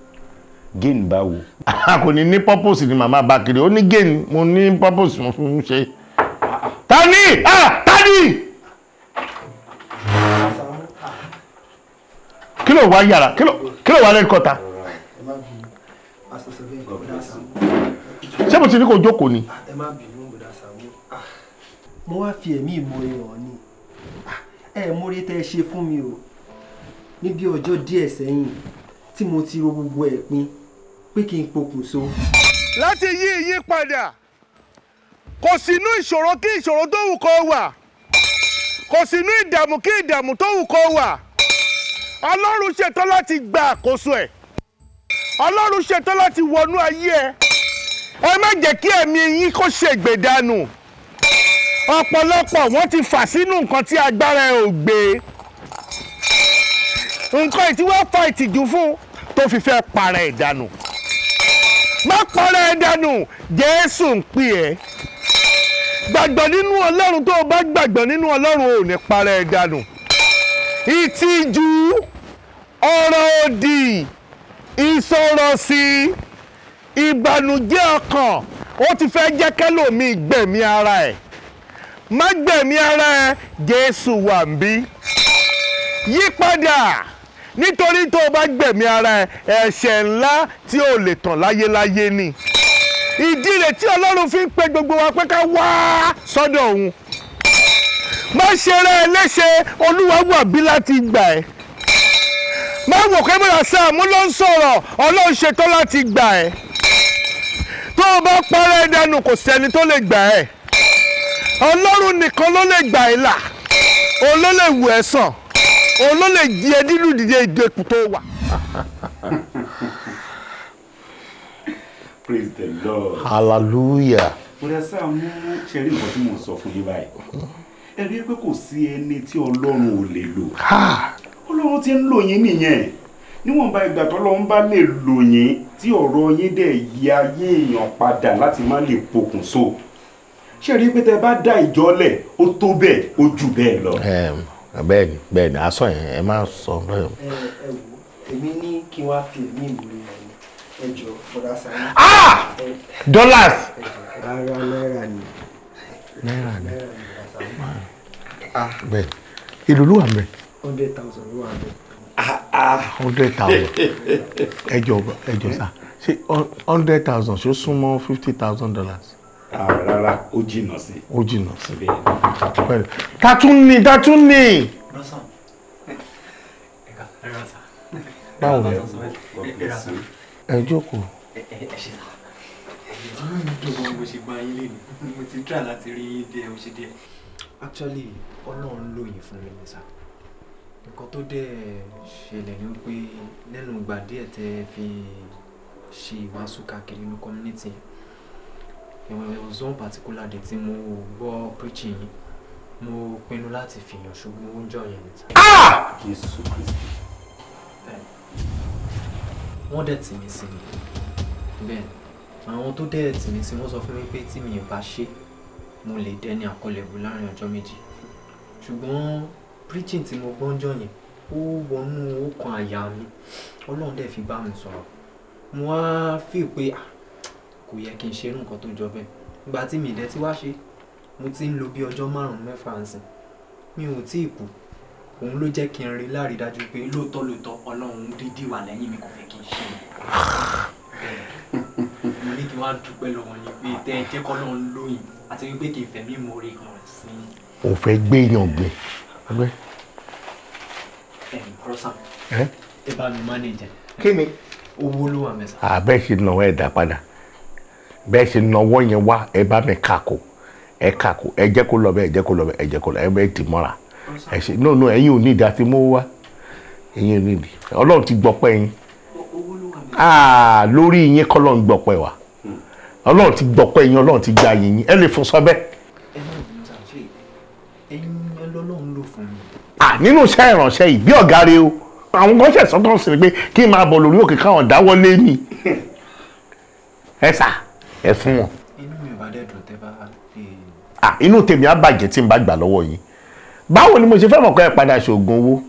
gain báwo. kò ní ní purpose ni màmá bá ó ní gain mo ní purpose mo fi ń ṣe. tani ah, tani. kí ló wá yàrá kí ló wá lẹ́kọ̀ọ́ta. ṣé mo ti ní kó jókòó ni. mo wá fi ẹ̀mí ìmọ̀ èèyàn ni ẹ̀ mórí tẹ́ ẹ ṣe fún mi o ní bí ọjọ́ díẹ̀ sẹ́yìn tí mo ti ro gbogbo ẹ̀ pin pé kí n pokùnso. láti yí iyín padà kò sínú ìṣòro kí ìṣòro tó wù kó wà kò sínú ìdààmú kí ìdààmú tó wù kó wà ọlọ́run ṣetán láti gba àkóso ẹ̀ ọlọ́run ṣetán láti wọnú ayé ẹ ẹ má jẹ́ kí ẹ̀mí yín kó ṣègbèdánù ọ̀pọ̀lọpọ̀ wọ́n ti fà sínú nǹkan tí agbára ẹ̀ ò gbé nǹkan ìtiwọ́ fa ìtìjú fún tó fi fẹ́ para ẹ̀ dànù má kọ́rẹ́ ẹ dànù jésù ń pè ẹ́ gbàgbọ́ nínú ọlọ́run tó o bá gbàgbọ́ nínú ọlọ́run ò ní parẹ́ ẹ ìtìjú ọ̀rọ̀ òdì ìsọ̀rọ̀sí ìbànújẹ́ ọkàn ó ti fẹ́ jẹ́ kẹ́lòmíì gbẹ̀mí ara ẹ̀ má gbẹ̀mí ara ẹ̀ jésù wà ń bí yípadà nítorí tó o bá gbẹ̀mí ara ẹ ẹ̀ṣẹ̀ ńlá tí ò lè tàn láyéláyé ni ìdí rẹ̀ tí ọlọ́run fi ń pe gbogbo wa pé ká wá sọ́dọ̀ òun má ṣe rẹ léṣe olúwa wà bí láti gbà ẹ́ má wò pé bóyá sáàmù ló ń sọ̀rọ̀ ọlọ́run ṣetán láti gbà ẹ́ tó o bá parẹ́ dànù kò sẹ́ni tó lè gbà ẹ́ ọlọ́run nìkan ló lè gbà ẹ́ là òun ló lè wù ẹ́ sàn òun ló lè jí ẹ nínú ìdíje ìdí praise the lord. hallelujah. kódà sáà mú ṣẹ́rí nǹkan tí mò ń sọ fún yín báyìí ẹ rí i pé kò sí ẹni tí ọlọ́run ò lè lò ọlọ́run ti ń lò yín nìyẹn níwọ̀nba ìgbà tọ́lọ́run bá lè lò yín tí ọ̀rọ̀ yín dẹ̀ yí ayé èèyàn padà láti má lè pokùnso ṣé rí i pé tẹ bá dá ìjọ lẹ̀ ó tó bẹ́ẹ̀ ó jù bẹ́ẹ̀ lọ bẹ́ẹ̀ni bẹ́ẹ̀ni aṣọ yẹn ẹ máa sọ bẹ́ẹ̀. ẹ ẹ wo èmi ní kí n wá fi èmi ìmúlẹ̀ yẹn ẹ jọ bọ́dá sáré. ah dollars. rárá náírà ni. náírà ni ah. ah. bẹ́ẹ̀ èlò ló wà mẹ́. hundred thousand ló wà mẹ́. ah ah hundred thousand ẹ jọ ẹ jọ sá ṣe hundred thousand ṣó súnmọ́ fifty thousand dollars rárá ó jìnnà sí. ó jìnnà sí. bẹ́ẹ̀ tatún ni tatún ni. báwo ni ẹ jókòó. mo ti dra láti rí yín díẹ̀ ó ṣe díẹ̀. actually ọlọ́run ló yìn fún mi ní sá nǹkan tó dẹ̀ ṣẹlẹ̀ ni pé lẹ́nu ìgbà díẹ̀ tẹ́ fi ṣe ìwàásù káàkiri ní community yẹn it was one particular de ti mo gbọ́ preaching yìí mo pinnu láti fìyàn ṣùgbọ́n oúnjẹ yẹn níta. Ah! Jésù Kristi. wọ́n dẹ̀ tì mí sí ni bẹ́ẹ̀ àwọn tó dẹ̀ tì mí sí wọ́n sọ fún mi pé tí mi ò bá ṣe mo lè dẹni àkọlẹ̀bù láàrin ọjọ́ méjì ṣùgbọ́n preaching tí mo gbọ́ ń jọ yẹn ó wọnú ọkàn àyà mi ọlọ́run dẹ̀ fi bá mi sọ̀rọ̀ mo wá fi pé ah kò yẹ kí n ṣe irú nǹkan tó jọ bẹ́ẹ̀ ìgbà tí mi ìdẹ́ tí wá ṣe mo ti ń lo bí ọjọ́ márùn-ún mẹ́fà ń sìn mi ò tí ì kú òun ló jẹ́ kí n rí lárídájú pé lóòótọ́ lóòótọ́ ọlọ́run dídì wà lẹ́yìn mi kò fẹ́ kí n ṣe mo ní kí n wá dúpẹ́ lọ́wọ́ ni pé tẹ́ ẹ jẹ́ kọ́ lọ́run lóyìn àti wípé kì í fẹ́ mí mo rí hàn sí i. ò gbé èèyàn gbé. kọ́sán ẹ bá mi mánéjà. kí ni. owó ló wà mẹ́sàn. àbẹ́ ṣe náà ẹ̀ dá padà bẹ́ẹ̀ ṣe nawọ́ yẹn wá ẹ bá mi kàkó ẹ kàkó ẹ jẹ́ kó lọ bẹ́ẹ̀ ẹ jẹ́ kó lọ bẹ́ẹ̀ ẹ jẹ́ kó lọ ẹ bẹ́ẹ̀ tì mọ́ra ẹ ṣe no no ẹ̀yin ò ní ìdí àti mówó wá ẹ̀yin ò ní ìdí ọlọ́run ti gbọ́pẹ́ yín ah, lórí yín kọ́ lọ́run gbọ́pẹ́ wa hmm. ọlọ́run ti gbọ́pẹ́ yín ọlọ́run ti gba yín ẹ lè fún sọ́bẹ́. Ah, nínú iṣẹ́ ìrànṣẹ́ yìí bí ọ̀gá rẹ o àwọn kan ṣẹ̀ sọ́tọ̀ sí ni pé kí n máa bọ̀ lórí òkè káwọn dáwọ́ lé mi ẹ sà ẹ fún wọn. inú mi ò bá dẹ̀ dùn tẹ́ bá lè. à inú tèmi á bàjẹ́ tí n bá gbà lọ́wọ́ yín báwo ni mo ṣe fẹ́ mọ̀ kọ́ ẹ padà ṣoògùn owó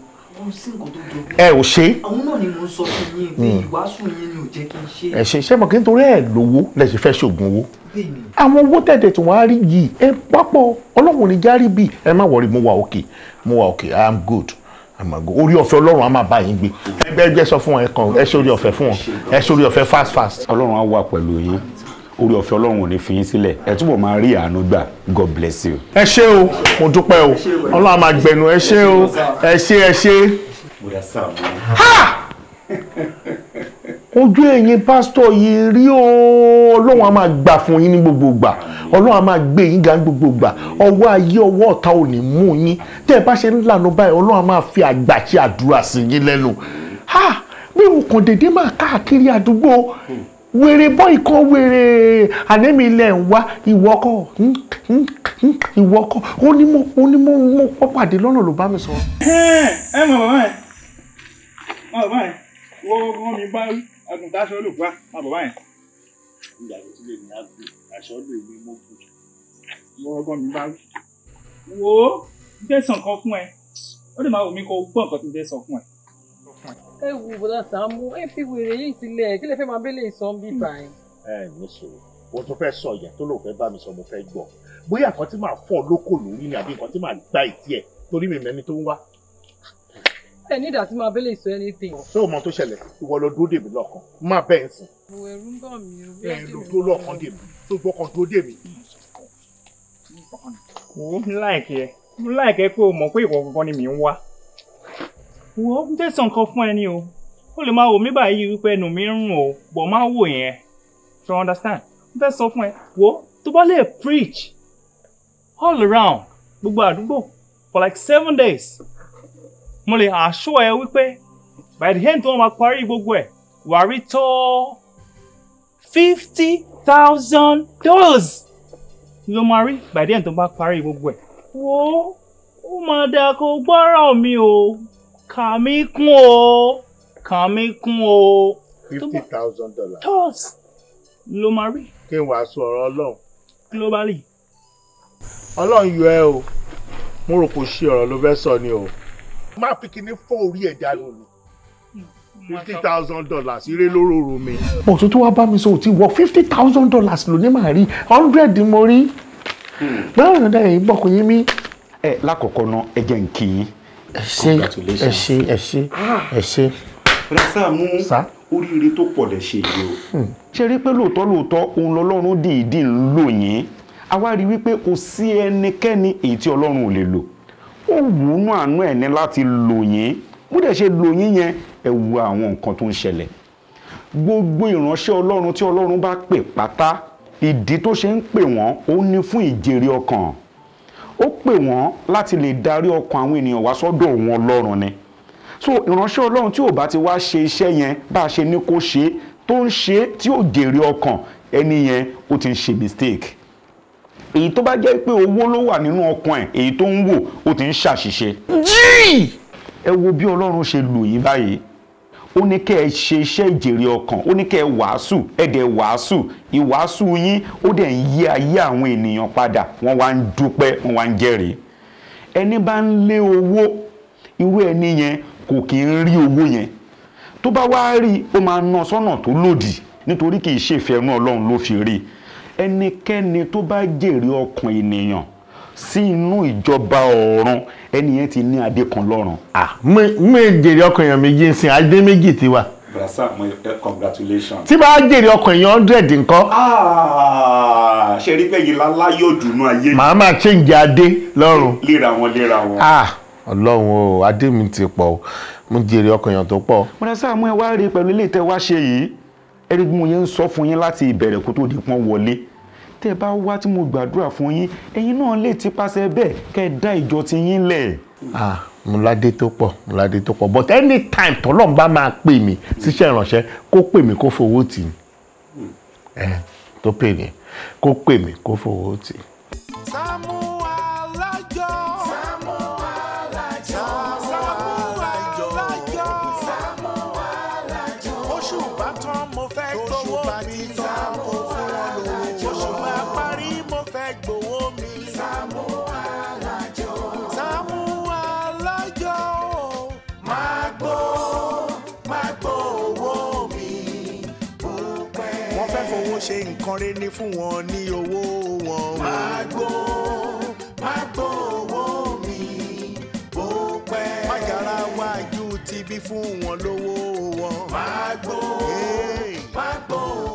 ẹ ò ṣe. àwọn náà ni mo sọ fún yín pé hmm. ìwàásù yín ni ò jẹ́ kí n ṣe. ẹ ṣe ṣe mọ̀ kí n torí ẹ lówó lẹ ṣe fẹ́ ṣoògùn owó. àwọn owó tẹ̀tẹ̀ tí wọ́n á rí yìí ẹ pápọ̀ ọlọ́run ní járí bíi ẹ má wọrí mo wà òkè mo wà òkè i am good orí ọ̀fẹ́ ọlọ́run á máa bá yín gbé ẹgbẹ́ ẹgbẹ́ sọ fún ẹ kàn ẹ ṣe orí ọ̀fẹ́ fún ẹ ṣe orí ọ̀fẹ́ fast fast. ọlọ́run á wà pẹ̀lú yín orí ọ̀fẹ́ ọlọ́run ò ní fi yín sílẹ̀ ẹ túbọ̀ máa rí àánú gbà god bless you. ẹ ṣé o mo dúpẹ́ o ọlọ́run máa gbẹ̀nu ẹ ṣé o ẹ ṣé ẹ ṣé. ojú ẹ̀yin pásítọ̀ yìí rí o ọlọ́run á máa gbà fún yín ní gbogbo gbà ọlọ́run á gbé yín ga ní gbogbo gbà ọwọ́ ayé ọwọ́ ọ̀tá ò ní mú yín tẹ́ ẹ bá ṣe ń lànà báyìí ọlọ́run á fi àgbà ṣe àdúrà sí yín lẹ́nu bí mo kàn dédé máa káàkiri àdúgbò wèrè bọ́ ìkan wèrè ànémi ilẹ̀ ń wá ìwọ́kọ̀ ìwọ́kọ̀ ó ní mo ó ní mo mo pọ́ pàdé lọ́nà ló bá mi sọ. ẹ mọ bàbá yẹn mọ bàbá yẹn wọ́n wọ́n mi bá àgùntàn aṣọ lò wá mọ bàbá yẹn. ìyàwó tí lè ní àgbo aṣọ lò èmi mo bù wọ́n ọgbọ́n mi bá wí. wo n fẹ́ sàn kan fún ẹ ó lè máa wò mí kó gbọ́ nǹkan tí n fẹ́ sọ fún ẹ wù bọ́dà Sàámú ẹ fi wèrè yìí sílẹ̀ kí lè fẹ́ máa bẹ́lẹ̀ sọ ń bí báyìí. ẹ ní sòrò wọn tó fẹ́ sọ ìyá tó lóun fẹ́ bá mi sọ mo fẹ́ gbọ́ bóyá nǹkan tí màá fọ́ lóko lórí ni àbí nǹkan tí màá gba ìtì ẹ torí mi mẹ́ni tó ń wá. ẹ ní ìdásí máa bẹ́lẹ̀ sọ ẹni ṣé o mọ tó ṣẹlẹ̀ ìwọ lọ dúró dèmi lọ́kàn má bẹ́ẹ̀ sìn. ẹ̀rù ń bọ̀ mí. ẹ lò tó lọ́kàn dèmi tó gbọ́kàn dúró dèmi. mo ń láìkẹ́ mo o mọ̀ pé ìwọ gangan ni mi wo n fẹ́ sọ nǹkan fún ẹ ni o ó lè máa wò mí báyìí wípé ẹnu mi ń rùn o bọ̀ máa wò yẹn you understand n fẹ́ sọ fún ẹ wo tó bá lè preach all around gbogbo àdúgbò for like seven days mo lè àṣọ ẹ wípé by the end tí wọ́n máa parí gbogbo ẹ̀ wà á rí tó fifty thousand dollars ló máa rí by the end tó bá parí gbogbo ẹ̀ wo ó máa dáa kó gbọ́ràn mi o kàn kún o kàn kún o. fifty thousand dollars. tọ́s ló máa rí. kí n wàásù ọ̀rọ̀ ọlọ́run. globally. ọlọ́run yọ ẹ o mo rò kò ṣe ọ̀rọ̀ ló fẹ́ sọ ni o. má fi kinní fọ́ orí ẹ̀ dànù ni fifty thousand dollars ire lóróró mi. bó tó tó wá bá mi sọ òtí wọ fifty thousand dollars ló ní màá rí hundred mo rí. Hmm. báwo ni ọ̀dà yẹn gbọ́kùn yín mi. ẹ lákọ̀ọ́kọ́ ná ẹ jẹ́ n kí yín ẹ ṣé ẹ ṣé ah. ẹ ṣé ẹ ṣé. rasa mú oríire tó pọ̀ lẹ̀ yìí o. Hmm. ṣe rí pé lóòótọ́ lóòótọ́ òun lọ́lọ́run dìídì ń lò yín àwa rí wípé kò sí ẹnikẹ́ni èyí tí ọlọ́run ò lè lò ó wù ú nú àánú ẹ̀ ní láti lò yín bó dẹ̀ ṣe lò yín yẹn ẹ wo àwọn nǹkan tó ń ṣẹlẹ̀ gbogbo ìránṣẹ́ ọlọ́run tí ọlọ́run bá pè pátá ìdí tó ṣe ń pè wọ́n ó ní fún ìjèrè ọkàn ó pè wọ́n láti lè darí ọkàn àwọn ènìyàn wá sọ́dọ̀ wọn Ọlọ́run ni so ìránṣẹ́ Ọlọ́run tí ò bá ti wá ṣe iṣẹ́ yẹn bá a ṣe ní kó ṣe tó ń ṣe tí ò jèrè ọkàn ẹni yẹn ó ti ń ṣe mistake èyí tó bá jẹ́ pé owó ló wà nínú ọkàn ẹ̀ èyí tó ń wò ó ti ń ṣàṣìṣe. jí ẹ wo bí Ọlọ́run ṣe lò yín báyìí ó ní kẹ́ ẹ ṣe iṣẹ́ ìjèrè ọkàn ó ní kẹ́ ẹ wàásù ẹ dẹ̀ wàásù ìwàásù yín ó dẹ̀ ń yí ayé àwọn ènìyàn padà wọ́n wá ń dúpẹ́ wọ́n wá ń jẹ́rìí ẹni bá ń lé owó irú ẹni yẹn kò kì í rí owó yẹn tó bá wá rí i ó máa ná sọ́nà tó lòdì nítorí kì í ṣèfẹ́ inú ọlọ́run ló fi rí i ẹnikẹ́ni tó bá jèrè ọkàn ènìyàn sí inú ìjọba ọ̀run ẹni yẹn ti ní adé kan lọ́rùn. mo jèrè ọkàn èèyàn méjì ń sin adé méjì ti wà. brasa mo eh, congratulations. tí bá jèrè ọkàn èèyàn hundred nǹkan. Ah, ṣe rí pé yìí láláyò dùnú ayé. màá máa change adé lọ́rùn. léra wọn léra wọn. ọlọ́run o adé mi ti pọ̀ o mo jèrè ọkàn èèyàn tó pọ̀. brasa mo ẹ wá rí pẹ̀lú ilé ìtẹ́wá ṣe yìí ẹ̀rí bí yẹn ń sọ fún yín láti ìbẹ̀rẹ̀ kó tó di pọ́n wọlé tẹ́ bá wá tí mo gbàdúrà fún yín ẹ̀yin náà lè ti pàṣẹ bẹ́ẹ̀ kẹ́ dá ìjọ ti yín lẹ̀. ah múládé tó pọ̀ múládé tó pọ̀ but anytime tọ́lọ́n bá máa pè mí síṣẹ́ ìrànṣẹ́ kó pè mí kó fowó tì í tó pè mí kó pè mí kó fowó tì fún wọn ní owó wọn. Magbo Magbo owó mi bó pẹ́. Májàra wájú tibí fún wọn lówó wọn. Magbo Magbo.